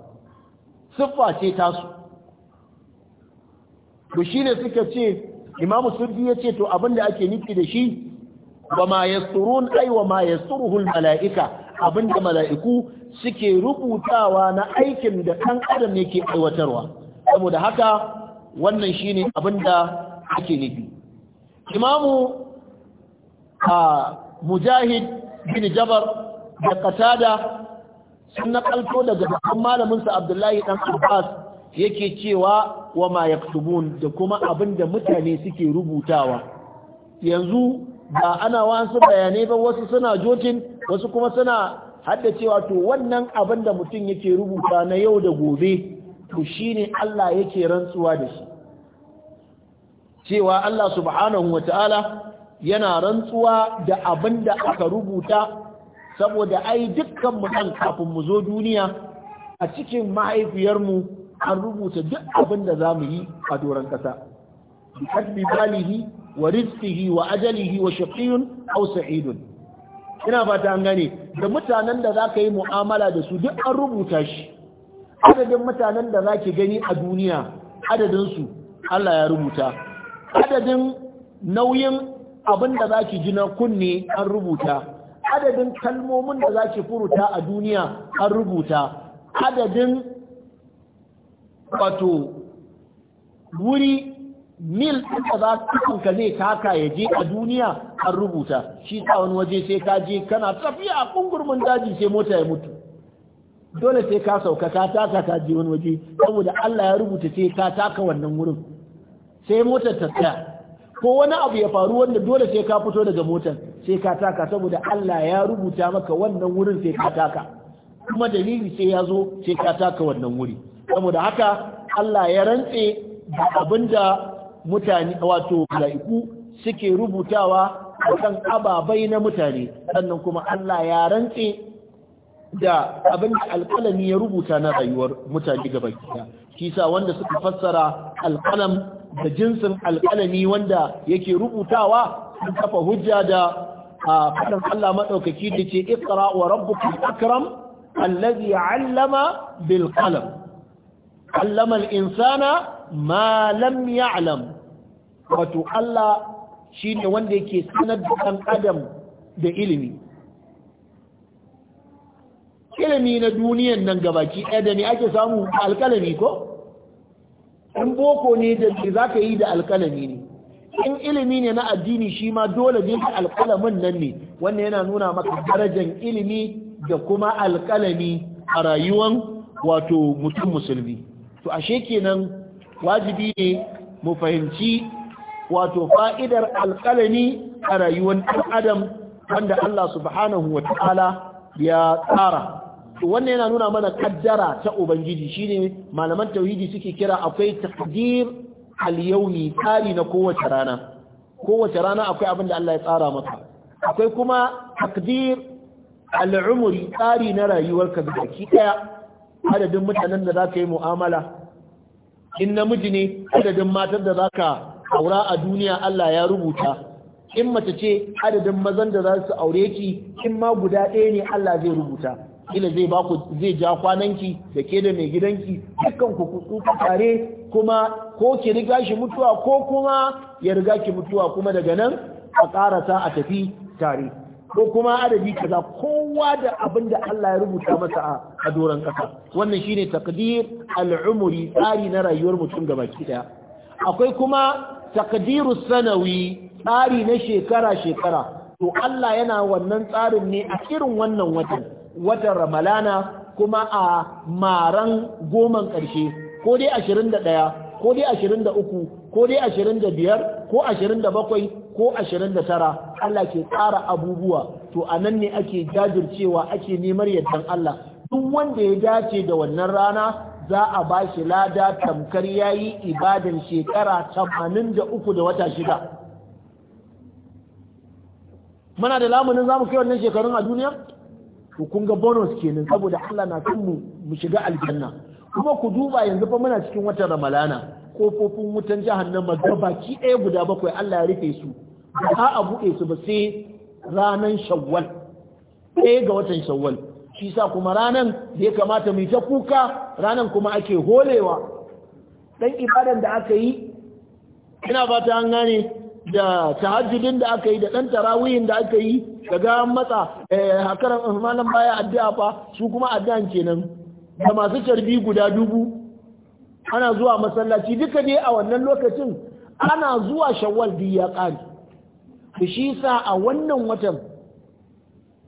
siffa ce tasu to shi ne suka ce imamu suddi ya ce to abinda ake nufi da shi wa ma yasturun ay wa ma yasturuhu malaika abinda mala'iku suke rubutawa na aikin da ɗan adam yake aiwatarwa saboda haka wannan shine abinda ake nufi imamu a mujahid bin jabar da qatada sun nakalto daga babban malamin sa abdullahi dan abbas yake cewa wa ma yaktubun da kuma abinda mutane suke rubutawa yanzu ba ana wasu bayanai ba wasu suna jokin, wasu kuma suna haddacewa to wannan abin da mutum yake rubuta na yau da gobe to shine Allah yake rantsuwa da shi cewa Allah subhanahu wataala yana rantsuwa da abin da aka rubuta saboda ai dukkan mu dan kafin mu zo duniya a cikin mahaifiyarmu an rubuta duk abin da zamu yi a doron ƙasa bi balihi wa rizqihi wa ajalihi wa shaqiyun aw ina fata an gane da mutanen da ka yi mu'amala da su duk an rubuta shi adadin mutanen da ki gani a duniya adadinsu Allah ya rubuta adadin nauyin abin da zaki ji na kunne an rubuta adadin kalmomin da zaki furuta a duniya an rubuta adadin wato wuri mil ɗin da za ka zai taka ya je a duniya an rubuta shi ta wani waje sai ka je kana tafiya a kungurmin daji sai mota ya mutu dole sai ka sauka ka taka ta je wani waje saboda Allah ya rubuta sai ka taka wannan wurin sai motar ta tsaya ko wani abu ya faru wanda dole sai ka fito daga motar sai ka taka saboda Allah ya rubuta maka wannan wurin sai ka taka kuma dalili sai ya zo sai ka taka wannan wuri saboda haka Allah ya rantse da abinda mutane wato mala'iku suke rubutawa akan ababai na mutane sannan kuma Allah ya rantse da abin da alƙalami ya rubuta na rayuwar mutane gaba gida. kisa sa wanda suka fassara alƙalam da jinsin alƙalami wanda yake rubutawa sun kafa hujja da faɗin Allah maɗaukaki da ce iqra wa rabbuka akram allazi allama bil qalam allama al insana ma lam ya'lam wato Allah shine wanda yake sanar da ɗan adam da ilimi ilimi na duniyan nan gabaki ɗaya da ake samu alkalami ko? in boko ne da za ka yi da alkalami ne in ilimi ne na addini shi ma dole ne da alkalamin nan ne wannan yana nuna maka darajar ilimi da kuma alkalami a rayuwan wato mutum musulmi to ashe kenan wajibi ne mu fahimci wato fa'idar alƙalami a rayuwar ɗan adam wanda Allah subhanahu wa ta'ala ya tsara wannan yana nuna mana kaddara ta ubangiji shine malaman tauhidi suke kira akwai takdir al-yawmi tsari na kowace rana kowace rana akwai abin da Allah ya tsara maka akwai kuma takdir al-umri tsari na rayuwarka baki daya adadin mutanen da zaka yi mu'amala in namiji ne adadin matar da za ka aura a duniya Allah ya rubuta in mace ce adadin mazan da za su aure ki in ma guda ɗaya ne Allah zai rubuta ila zai ba ku zai ja kwananki da ke da mai gidanki dukkan ku ku tare kuma ko ki riga shi mutuwa ko kuma ya riga ki mutuwa kuma daga nan a ƙarasa a tafi tare ko kuma adadi kaza kowa da abin da Allah ya rubuta masa a doron kasa wannan shine takdir al'umuri tsari na rayuwar mutum gaba daya akwai kuma takdiru sanawi tsari na shekara shekara to Allah yana wannan tsarin ne a irin wannan watan watan ramalana kuma a maran goman ƙarshe ko dai 21 ko dai 23 ko dai 25 ko 27 ko 29 Allah ke tsara abubuwa to a nan ne ake jajircewa ake neman yardan Allah duk wanda ya dace da wannan rana za a ba shi lada tamkar ya yi ibadan shekara tamanin da uku da wata shida muna da lamunin za mu kai wannan shekarun a duniya to kun ga bonus kenan saboda Allah na son mu shiga aljanna kuma ku duba yanzu fa muna cikin watan ramalana kofofin wutan jihar jahannama da baki ɗaya guda bakwai Allah ya rufe su ba a buɗe su ba sai ranan shawwal ɗaya ga watan shawwal shi sa kuma ranan da ya kamata mu ta kuka ranar kuma ake holewa ɗan ibadan da aka yi ina ta an gane da tahajjudin da aka yi da ɗan tarawihin da aka yi gawan matsa eh, hakaran malam baya addu'a ba su kuma addu'an kenan da masu carbi guda dubu ana zuwa masallaci duka ne a wannan lokacin ana zuwa shawwal biyu ya ƙare to shi sa a wannan watan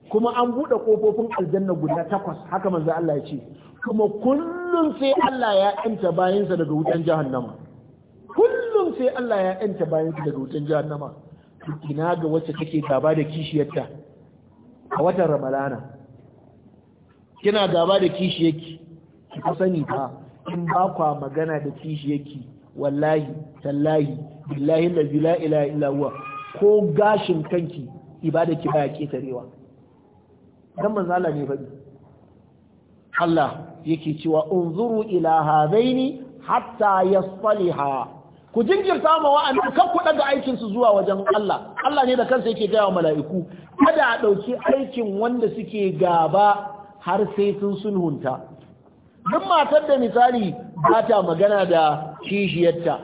kuma an buɗe ƙofofin aljanna guda takwas haka manzo Allah ya ce kuma kullum sai Allah ya yanta bayansa daga wutan jahannama kullum sai Allah ya yanta bayansa daga wutan jahannama ina ga wacce take gaba da kishiyarta a watan ramalana kina gaba da kishiyarki ki sani ba in ba kwa magana da kishiyarki wallahi tallahi billahi la ilaha illa huwa ko gashin kanki ibada ki baya ketarewa dan manzala ne faɗi Allah yake cewa unzuru ila hadaini hatta yasliha ku jinkirta ma wa'annan kan ku daga aikin su zuwa wajen Allah Allah ne da kansa yake gaya mala'iku kada a dauki aikin wanda suke gaba har sai sun sulhunta duk matar da misali ba ta magana da kishiyarta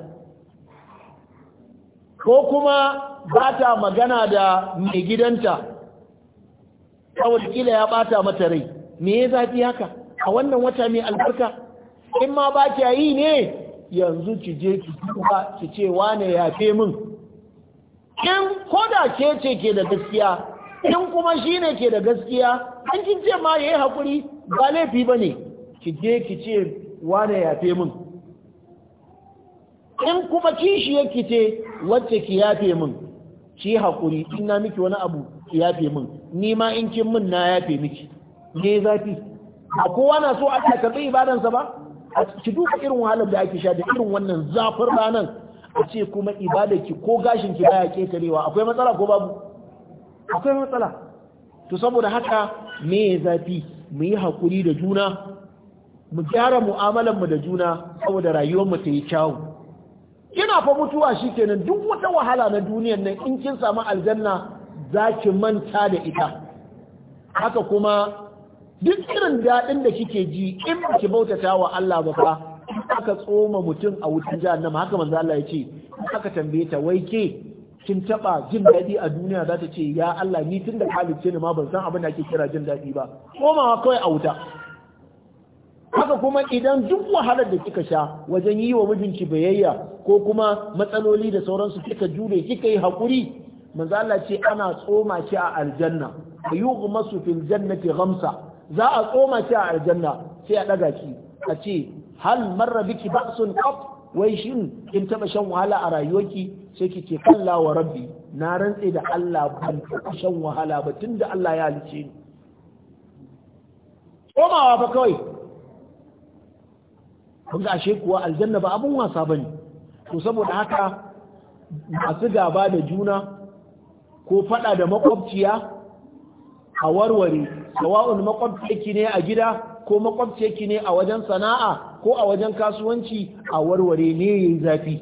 ko kuma ba ta magana da mai gidanta kawai kila ya bata mata rai me ya zafi haka a wannan wata mai albarka in ma ba ta yi ne yanzu ki je ki ki ce wane ya fe min in ko da ke ce ke da gaskiya in kuma shi ne ke da gaskiya an kin ce ma ya yi hakuri ba laifi ba ne. ki je ki ce wane ya fe min in kuma kishi yake ce wacce ki yafe min ki hakuri in na miki wani abu ki yafe min ni ma in kin mun na yafe miki me zafi a kowa na so a karɓi ibadansa ba a ki duka irin wahalar da ake sha da irin wannan zafin ranar a ce kuma ibadarki ko gashin ki baya ketarewa akwai matsala ko babu akwai matsala to saboda haka me zafi mu yi hakuri da juna mu gyara mu'amalar mu da juna saboda rayuwar mu ta yi kyawu ina fa mutuwa shikenan duk wata wahala na duniyan nan in kin samu aljanna zaki manta da ita haka kuma duk irin daɗin da kike ji in ki bautata wa Allah ba fa aka tsoma mutum a wutan jahannama haka manzo Allah ya ce aka tambaye ta wai ke kin taba jin daɗi a duniya za ta ce ya Allah ni tun da halicce ne ma ban san abin da ake kira jin daɗi ba komawa kawai a wuta haka kuma idan duk wahalar da kika sha wajen yi wa mijinki bayayya ko kuma matsaloli da sauransu kika jure kika yi haƙuri manzo Allah ce ana tsoma shi a aljanna Masu fil jannati ghamsa za a tsoma shi a aljanna sai a daga shi a ce hal marra biki ba'sun qat wai shin kin taba shan wahala a rayuwarki sai kike kalla wa rabbi na rantse da Allah ban shan wahala ba tunda Allah ya halice ni tsomawa ba kawai kun ga ashe kuwa aljanna ba abun wasa bane to saboda haka masu gaba da juna ko fada da makwabciya a warware sawa'un makwabciyarki ne a gida ko makwabci yaki ne a wajen sana'a ko a wajen kasuwanci a warware ne yayi zafi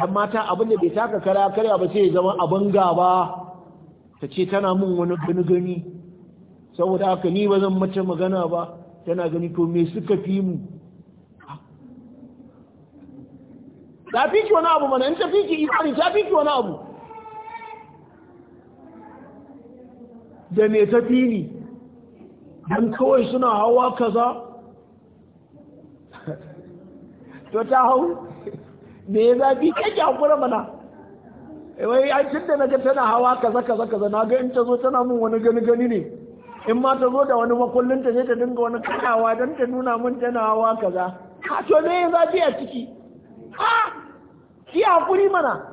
dan mata abin da bai taka kara karya ba sai ya zama abin gaba ta ce tana min wani gani gani saboda haka ni ba zan mace magana ba tana gani to me suka fi mu ta fi ki wani abu mana in ta fi ki imani ta fi ki wani abu da me ta fi ni don kawai suna hawa kaza to ta hau me ya zafi kake hakura mana eh, wai an tun da naga tana hawa kaza kaza kaza na ga in ta zo tana mun wani gani gani ne in ma ta zo da wani makullin ta ne ta dinga wani kakawa don ta nuna mun tana hawa kaza ka to me ya zafi a ciki ki hakuri mana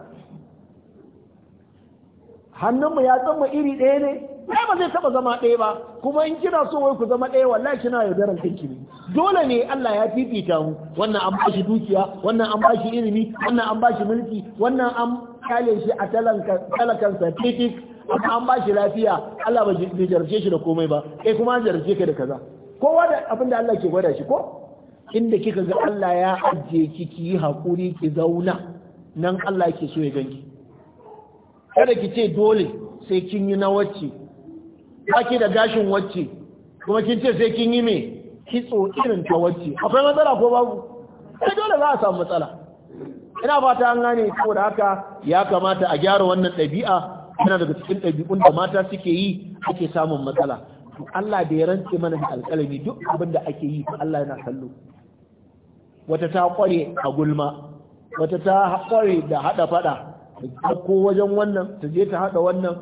hannunmu ya tsamma iri ɗaya ne ai ba zai taba zama ɗaya ba kuma in kina so wai ku zama ɗaya wallahi kina yaudarar kanki ne dole ne Allah ya fifita mu wannan an bashi dukiya wannan an bashi ilimi wannan an bashi mulki wannan an kale shi a talakan statistic amma an bashi lafiya Allah bai jarce shi da komai ba kai kuma an jarce ka da kaza kowa da abin da Allah ke gwada shi ko inda kika ga Allah ya ajiye ki ki yi hakuri ki zauna nan Allah yake so ya ganki kada ki ce dole sai kin yi na wacce ba ki da gashin wacce kuma kin ce sai kin yi me kitso irin ta wacce akwai matsala ko babu sai dole za a samu matsala ina fata an gane da haka ya kamata a gyara wannan ɗabi'a yana daga cikin ɗabi'un da mata suke yi ake samun matsala to Allah da ya rantse mana da alƙalami duk abin da ake yi Allah yana kallo wata ta ƙware a gulma wata ta kware da hada fada ko wajen wannan ta je ta haɗa wannan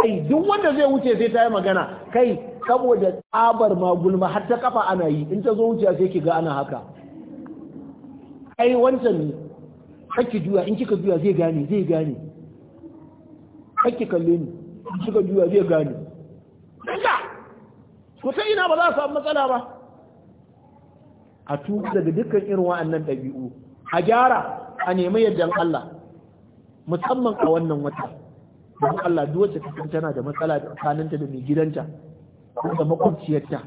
kai duk wanda zai wuce sai ta yi magana kai saboda tsabar magulma har ta kafa ana yi in ta zo wuciya sai ki ga ana haka ai wancan hakki juya in kika juya zai gane zai gane hakki kalle ni kika juya zai gane Daga ko sai ina ba za su samu matsala ba a tuba daga dukkan irin wa'annan ɗabi'u a gyara a nemi yardan Allah musamman a wannan wata don Allah duk wacce ta tana da matsala tsakaninta da mai gidanta ko da makwabciyarta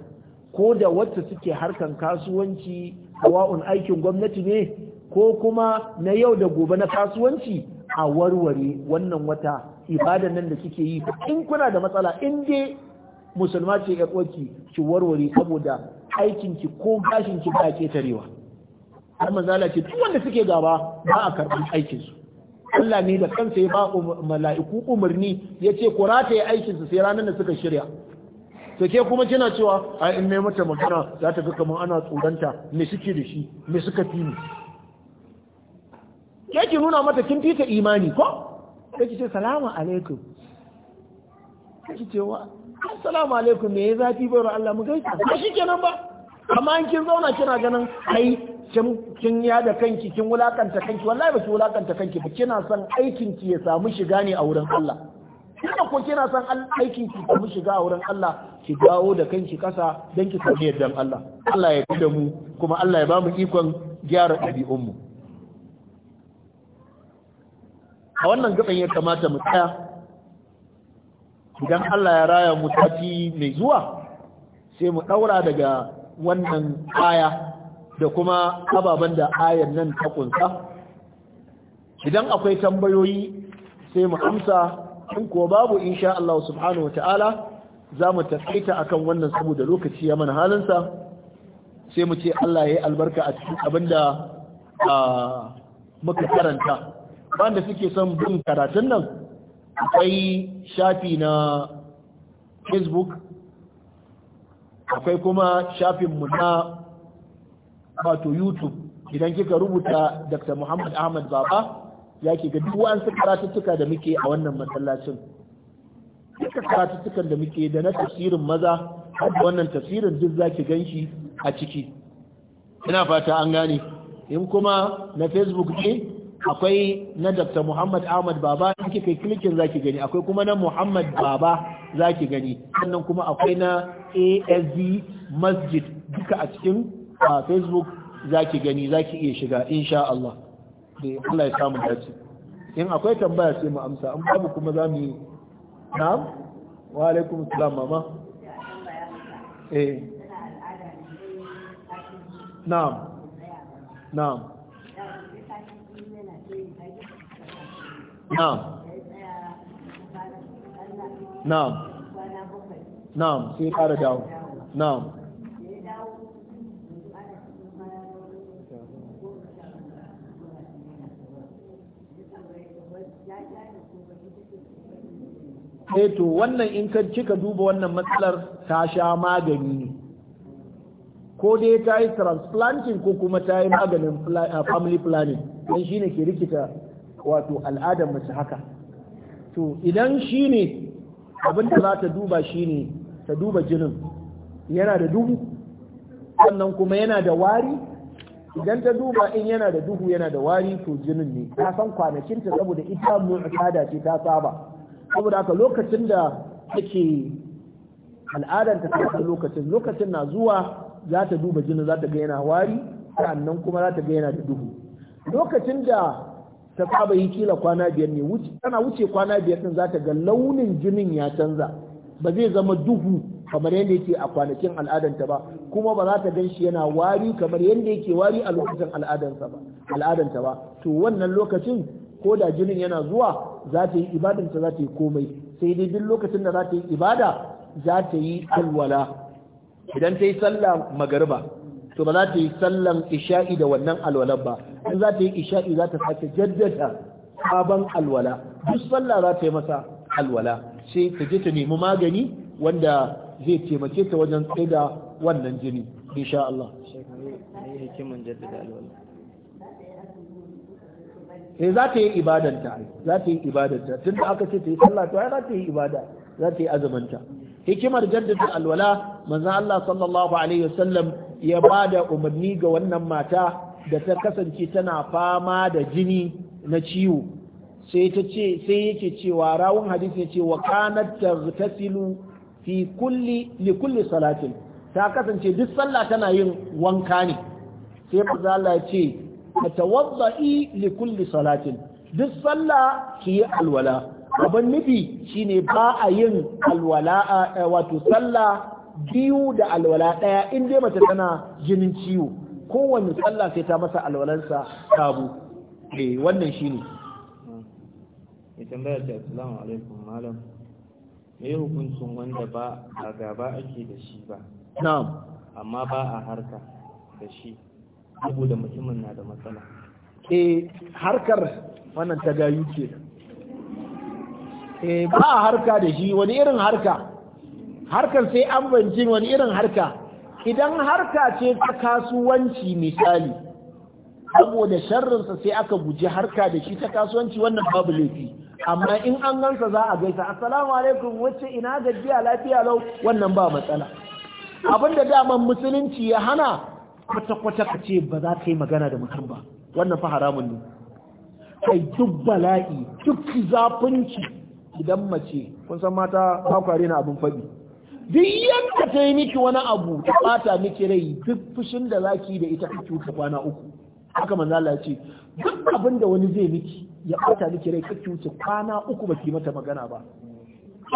ko da wacce suke harkan kasuwanci hawa'un aikin gwamnati ne ko kuma na yau da gobe na kasuwanci a warware wannan wata ibadan nan da kike yi in kuna da matsala in dai musulma ce ya ki warware saboda aikinki ko gashinki ba ke tarewa har manzala ce duk wanda suke gaba ba a karɓi aikinsu Allah ne da kansa ya ba um-, mala'iku umarni ya ce ku rataye su sai ranar da suka shirya to ke kuma kina cewa a in mai mata magana za ta ga kamar ana tsoranta me suke da shi me suka fi ni ke ki nuna mata kin fita imani ko sai ki ce salamu alaikum sai ki ce wa assalamu alaikum me ya zafi bayar Allah mu gaita ba shi kenan ba amma in kin zauna kina ganin ai kin ya da kanki kin wulakanta kanki wallahi ki wulakanta kanki ba kina son aikin ki ya samu shiga ne a wurin Allah kina ko kina son aikin ki ya samu shiga a wurin Allah ki dawo da kanki kasa dan ki samu yaddan Allah Allah ya da mu kuma Allah ya bamu ikon gyara ɗabi'un mu a wannan gaban ya kamata mu tsaya idan Allah ya raya mu tafi mai zuwa sai mu daura daga wannan aya da kuma ababen da ayan nan ta kunsa idan akwai tambayoyi sai mu amsa in kuwa babu insha Allah subhanahu wataala za mu taƙaita akan wannan saboda lokaci ya mana halinsa sai mu ce Allah ya yi albarka a cikin abin da muka karanta wanda suke son bin karatun nan akwai shafi na facebook akwai kuma shafin mu na wato youtube idan kika rubuta dr muhammad ahmad baba ya ke ga duk wa'ansu karatuttuka da muke a wannan masallacin duka karatuttukan da muke da na tafsirin maza har wannan tafsirin duk za ki ganshi a ciki ina fata an gane in kuma na facebook ne akwai na dr muhammad ahmad baba in kika yi klikin za ki gani akwai kuma na muhammad baba za ki gani sannan kuma akwai na asd masjid duka a cikin a facebook za ki gani za ki iya shiga insha Allah da Allah ya samu dace in akwai tambaya sai mu amsa an babu kuma za mu yi na'am wa alaikum salam mama eh na'am na'am na'am na'am na'am sai fara dawo na'am E to wannan in ka kika duba wannan matsalar ta sha magani ne ko dai ta yi transplanting ko kuma ta yi maganin family planning don shine ke rikita wato al'adar mace haka to idan shine abin da za ta duba shine ta duba jinin yana da duhu sannan kuma yana da wari idan ta duba in yana da duhu yana da wari to jinin ne ta san kwanakinta saboda ita mu'tada ce ta saba saboda aka lokacin da take al'adar ta kai lokacin lokacin na zuwa za ta duba jinin za ta ga yana wari sannan kuma za ta ga yana da duhu lokacin da ta saba yi kila kwana biyar ne wuce tana wuce kwana biyar din za ta ga launin jinin ya canza ba zai zama duhu kamar yadda yake a kwanakin al'adanta ba kuma ba za ta gan shi yana wari kamar yadda yake wari a lokacin al'adanta ba ba to wannan lokacin ko da jinin yana zuwa za ta yi ibadanta za ta yi komai sai dai duk lokacin da za ta yi ibada za ta yi alwala idan ta yi sallah magariba to ba za ta yi sallan isha'i da wannan alwalan ba in za ta yi isha'i za ta sake jaddada sabon alwala duk sallah za ta yi masa alwala sai ta je ta nemi magani wanda zai taimake ta wajen tsaida wannan jini insha Allah sai eh, za ta yi ibadanta za ta yi ibadanta tun da aka ce ta yi sallah to ai za ta yi ibada za ta yi azumanta hikimar jaddada alwala manzo Allah sallallahu alaihi wasallam ya bada umarni ga wannan mata da ta kasance tana fama da jini na ciwo sai ta ce sai yake cewa rawun hadisi ya ce wa kanat taghtasilu fi kulli li kulli salatin ta kasance duk sallah tana yin wanka ne sai manzo Allah ya ce fatawadda'i li salatin duk sallah ki yi alwala abin nufi shine ba a yin alwala eh, wato sallah biyu da alwala ɗaya in dai mace tana jinin ciwo kowanne sallah sai ta masa alwalarsa sabu eh wannan shine ya tambaya ta assalamu alaikum malam me hukuncin wanda ba a gaba ake da shi ba na'am amma ba a harka da shi saboda mutumin na da matsala E harkar wannan ta gayu ce E ba a harka da shi wani irin harka harkar sai an banci wani irin harka idan harka ce ta kasuwanci misali saboda sharrinsa sai aka guji harka da shi ta kasuwanci wannan babu laifi amma in an gansa za a gaisa assalamu alaikum wacce ina gajiya lafiya lau wannan ba matsala abinda daman musulunci ya hana kwata-kwata ka ce ba za ka yi magana da mutum ba wannan fa haramun ne kai duk bala'i duk zafinci idan mace kun san mata kwakware na abin faɗi duk yanka ta yi miki wani abu ta bata miki rai duk fushin da zaki da ita kake wuce kwana uku haka manzo Allah ya ce duk abin da wani zai miki ya bata miki rai kake wuce kwana uku baki mata magana ba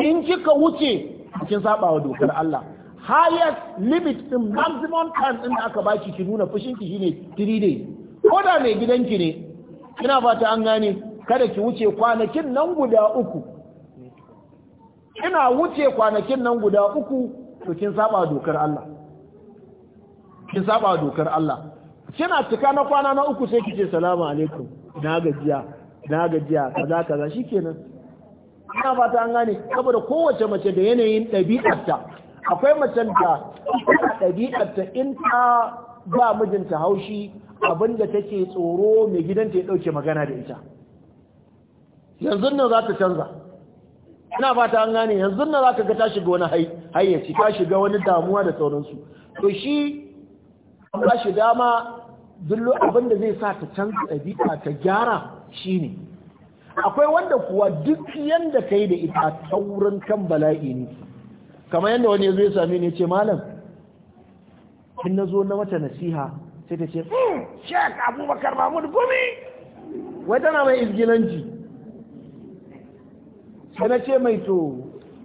in kika wuce kin saba wa dokar Allah highest limit in maximum time din da aka baki ki nuna fushin ki shine 3 days ko da mai gidanki ne Kina fata an gane kada ki wuce kwanakin nan guda uku Kina wuce kwanakin nan guda uku to kin saba dokar Allah kin saba dokar Allah kina cika na kwana na uku sai kice salamu alaikum na gajiya na gajiya kaza kaza shikenan Kina fata an gane saboda kowace mace da yanayin ɗabi'arta akwai macen da ɗabi'arta in ta ba mijinta haushi abinda take tsoro mai gidanta ya ɗauke magana da ita yanzu nan za ta canza ina fata an gane yanzu nan za ka ga ta shiga wani hayyaci ta shiga wani damuwa da sauransu to shi ba shi dama dullo abinda zai sa ta canza ɗabi'a ta gyara shine akwai wanda kuwa duk yanda yi da ita taurin kan bala'i ne kamar yadda wani ya zo ya same ni ce malam in na zo na wata nasiha sai ta ce hmm, shek abubakar mahmud gumi wata tana mai izgilanci sai na ce mai to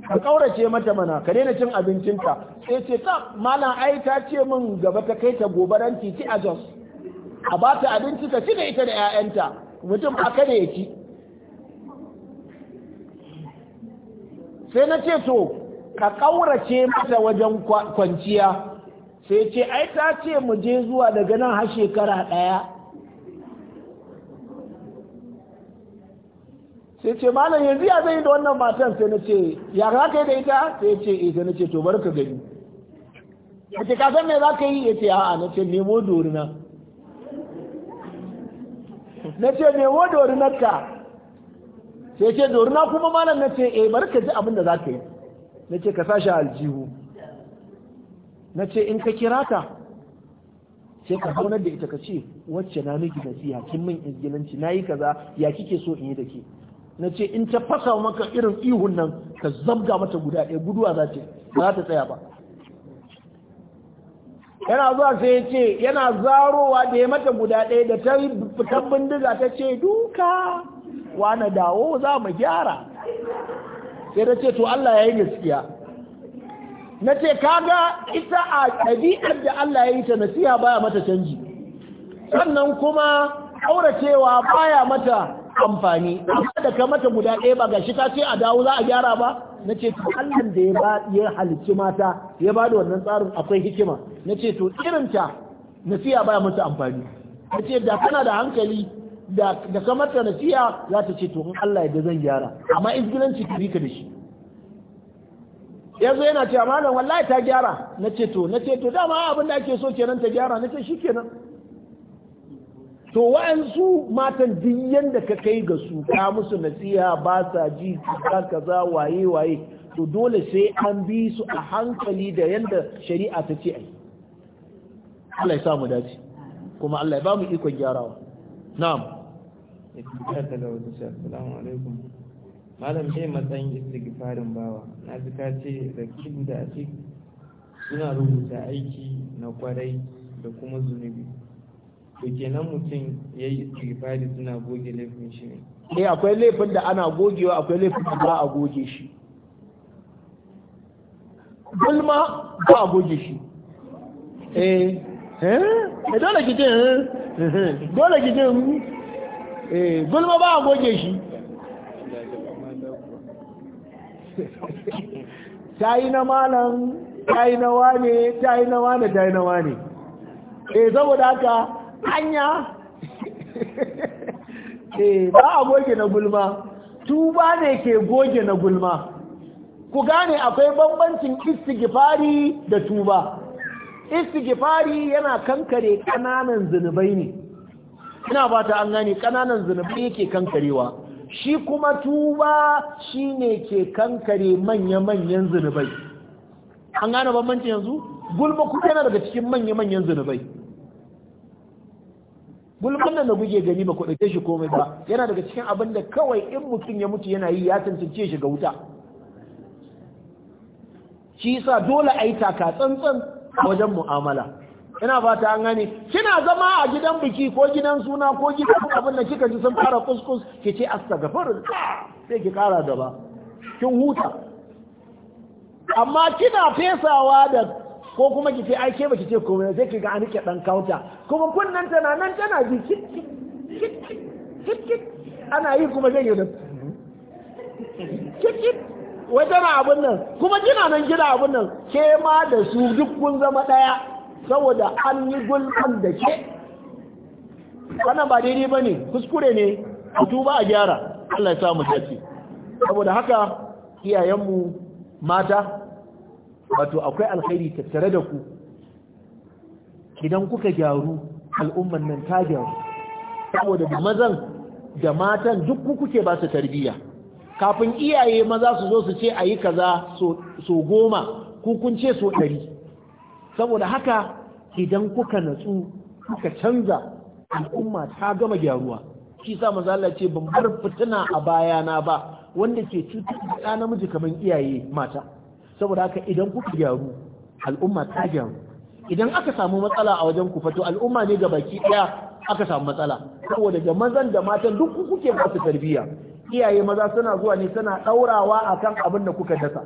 ka kaurace mata mana ka daina cin abincinta sai ce ta malam ai ta ce min gaba ta kai ta gobaranci titi a jos a ba ta abinci ta ci da ita da 'ya'yanta mutum ba kada ya ci sai na ce to ka ƙaurace mata wajen kwanciya sai ce ai ta ce mu je zuwa daga nan har shekara ɗaya sai ce malam yanzu ya zai da wannan matan sai na ce ya za ka yi da ita sai ce eh sai na ce to bar ka gani a ce kasan me za ka yi ya ce a'a na ce nemo dorina na ce nemo dorinarka sai ce dorina kuma malam na ce eh bar ka ji abin da za ka yi na ce ka sashi aljihu na ce in ka kira ta sai ka zaunar da ita ka ce wacce na miki siya kin min izgilanci na yi kaza ya kike so in yi da ke na in ta fasa maka irin ihun nan ka zabga mata guda ɗaya guduwa za ce za ta tsaya ba yana zuwa sai ya ce yana zarowa da ya mata guda ɗaya da ta fitan bindiga ta ce duka na dawo za mu gyara sai ta ce to Allah ya yi gaskiya na ce kaga ita a ɗabi'ar da Allah ya yi ta nasiha baya mata canji sannan kuma auracewa baya mata amfani amma da ka mata guda ɗaya ba gashi ta ce a dawo za a gyara ba na ce to Allah da ya ya halicci mata ya ba da wannan tsarin akwai hikima na ce to irinta nasiha baya mata amfani na ce da kana da hankali da ka na nasiha za ta ce to in Allah yadda zan gyara amma izgilanci ta ka da shi yanzu yana cewa nan wallahi ta gyara na ce to na ce to dama abin da ake so kenan ta gyara na ce shi kenan to wa'ansu matan duk yanda ka kai ga su ka musu nasiha ba sa ji kaza kaza waye waye to dole sai an bi su a hankali da yanda shari'a ta ce ai Allah ya samu dace kuma Allah ya ba mu ikon gyarawa na'am ya alaikum malam ne matsayin istighfarin bawa na ji ka ce da kibu da asik suna rubuta aiki na kwarai da kuma zunubi to kenan mutum ya yi istighfari suna goge laifin shi ne eh akwai laifin da ana gogewa akwai laifin da ba a goge shi gulma ba a goge shi eh eh dole ki jin eh, eh, eh, dole ki hmm, Eh, gulma ba a goge shi ta yi na malam ta yi na wane ta yi na wane ta yi na wane eh saboda haka hanya e ba a goge na gulma tuba ne ke goge na gulma ku gane akwai bambancin istigifari da tuba istigifari yana kankare kananan zunubai ne ina ba ta an gane ƙananan zunubi yake kankarewa shi kuma tuba shi ne ke kankare manya-manyan zunubai an gane bambanci yanzu gulma kuma yana daga cikin manya-manyan zunubai gulman nan da guje gani ba kuɗaɗe shi komai ba yana daga cikin abin da kawai in mutum ya mutu yana yi ya tantance shi ga wuta shi yasa dole a yi taka tsantsan wajen mu'amala ina fata an gani kina zama a gidan biki ko gidan suna ko gidan abin da kika ji sun fara kuskus ki ce astaghfir sai ki kara gaba kin huta amma kina fesawa da ko kuma ki ce ai ke baki ce komai sai ki ga an ke dan kauta kuma kunnan tana nan tana ji kit kit kit ana yi kuma zai yi da kit kit wai tana abin nan kuma kina nan gida abin nan ke ma da su duk kun zama daya saboda an yi gulman da ke wannan ba daidai ba ne kuskure ne a tuba a gyara Allah ya samu shafi saboda haka iyayenmu mata wato akwai alkhairi tattare da ku idan kuka gyaru al'umman nan ta gyaru saboda mazan da matan duk ku kuke ba su tarbiyya kafin iyaye maza su zo su ce a yi kaza so goma kun ce so ɗari saboda haka idan kuka natsu kuka canza al'umma ta gama gyaruwa shi sa manzo Allah ce ban bar fitina a baya na ba wanda ke cutar da ɗa namiji kamar iyaye mata saboda haka idan kuka gyaru al'umma ta gyaru idan aka samu matsala a wajen ku fato al'umma ne ga baki ɗaya aka samu matsala saboda ga mazan da matan duk kuke ba su tarbiyya iyaye maza suna zuwa ne suna ɗaurawa akan abin da kuka dasa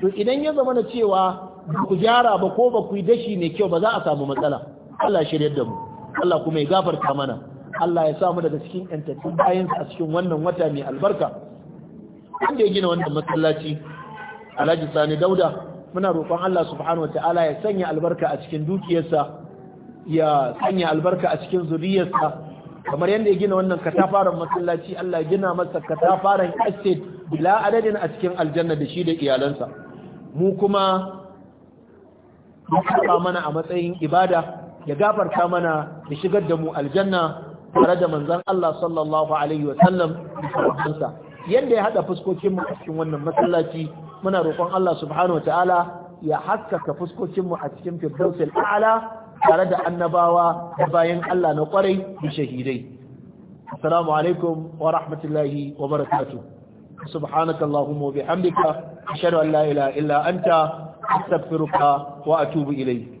to idan ya zama na cewa ku gyara ba ko ba ku yi dashi ne kyau ba za a samu matsala Allah shirye da mu Allah kuma ya gafarta mana Allah ya samu daga cikin yantattun bayan a cikin wannan wata mai albarka wanda ya gina wannan masallaci Alhaji Sani Dauda muna roƙon Allah subhanahu wataala ya sanya albarka a cikin dukiyarsa ya sanya albarka a cikin zuriyarsa kamar yadda ya gina wannan katafaren masallaci Allah ya gina masa katafaren estate bila adadin a cikin aljanna da shi da iyalansa mu kuma ya saba mana a matsayin ibada ya gafarta mana da shigar da mu aljanna tare da manzon Allah sallallahu alaihi wa sallam yanda ya hada fuskokin mu a cikin wannan masallaci muna roƙon Allah subhanahu wataala ya haskaka fuskokin mu a cikin firdausil a'la tare da annabawa da bayan Allah na kwarai da shahidai assalamu alaikum wa rahmatullahi wa barakatuh subhanakallahumma wa bihamdika ashhadu an la ilaha illa anta أستغفرك وأتوب إليك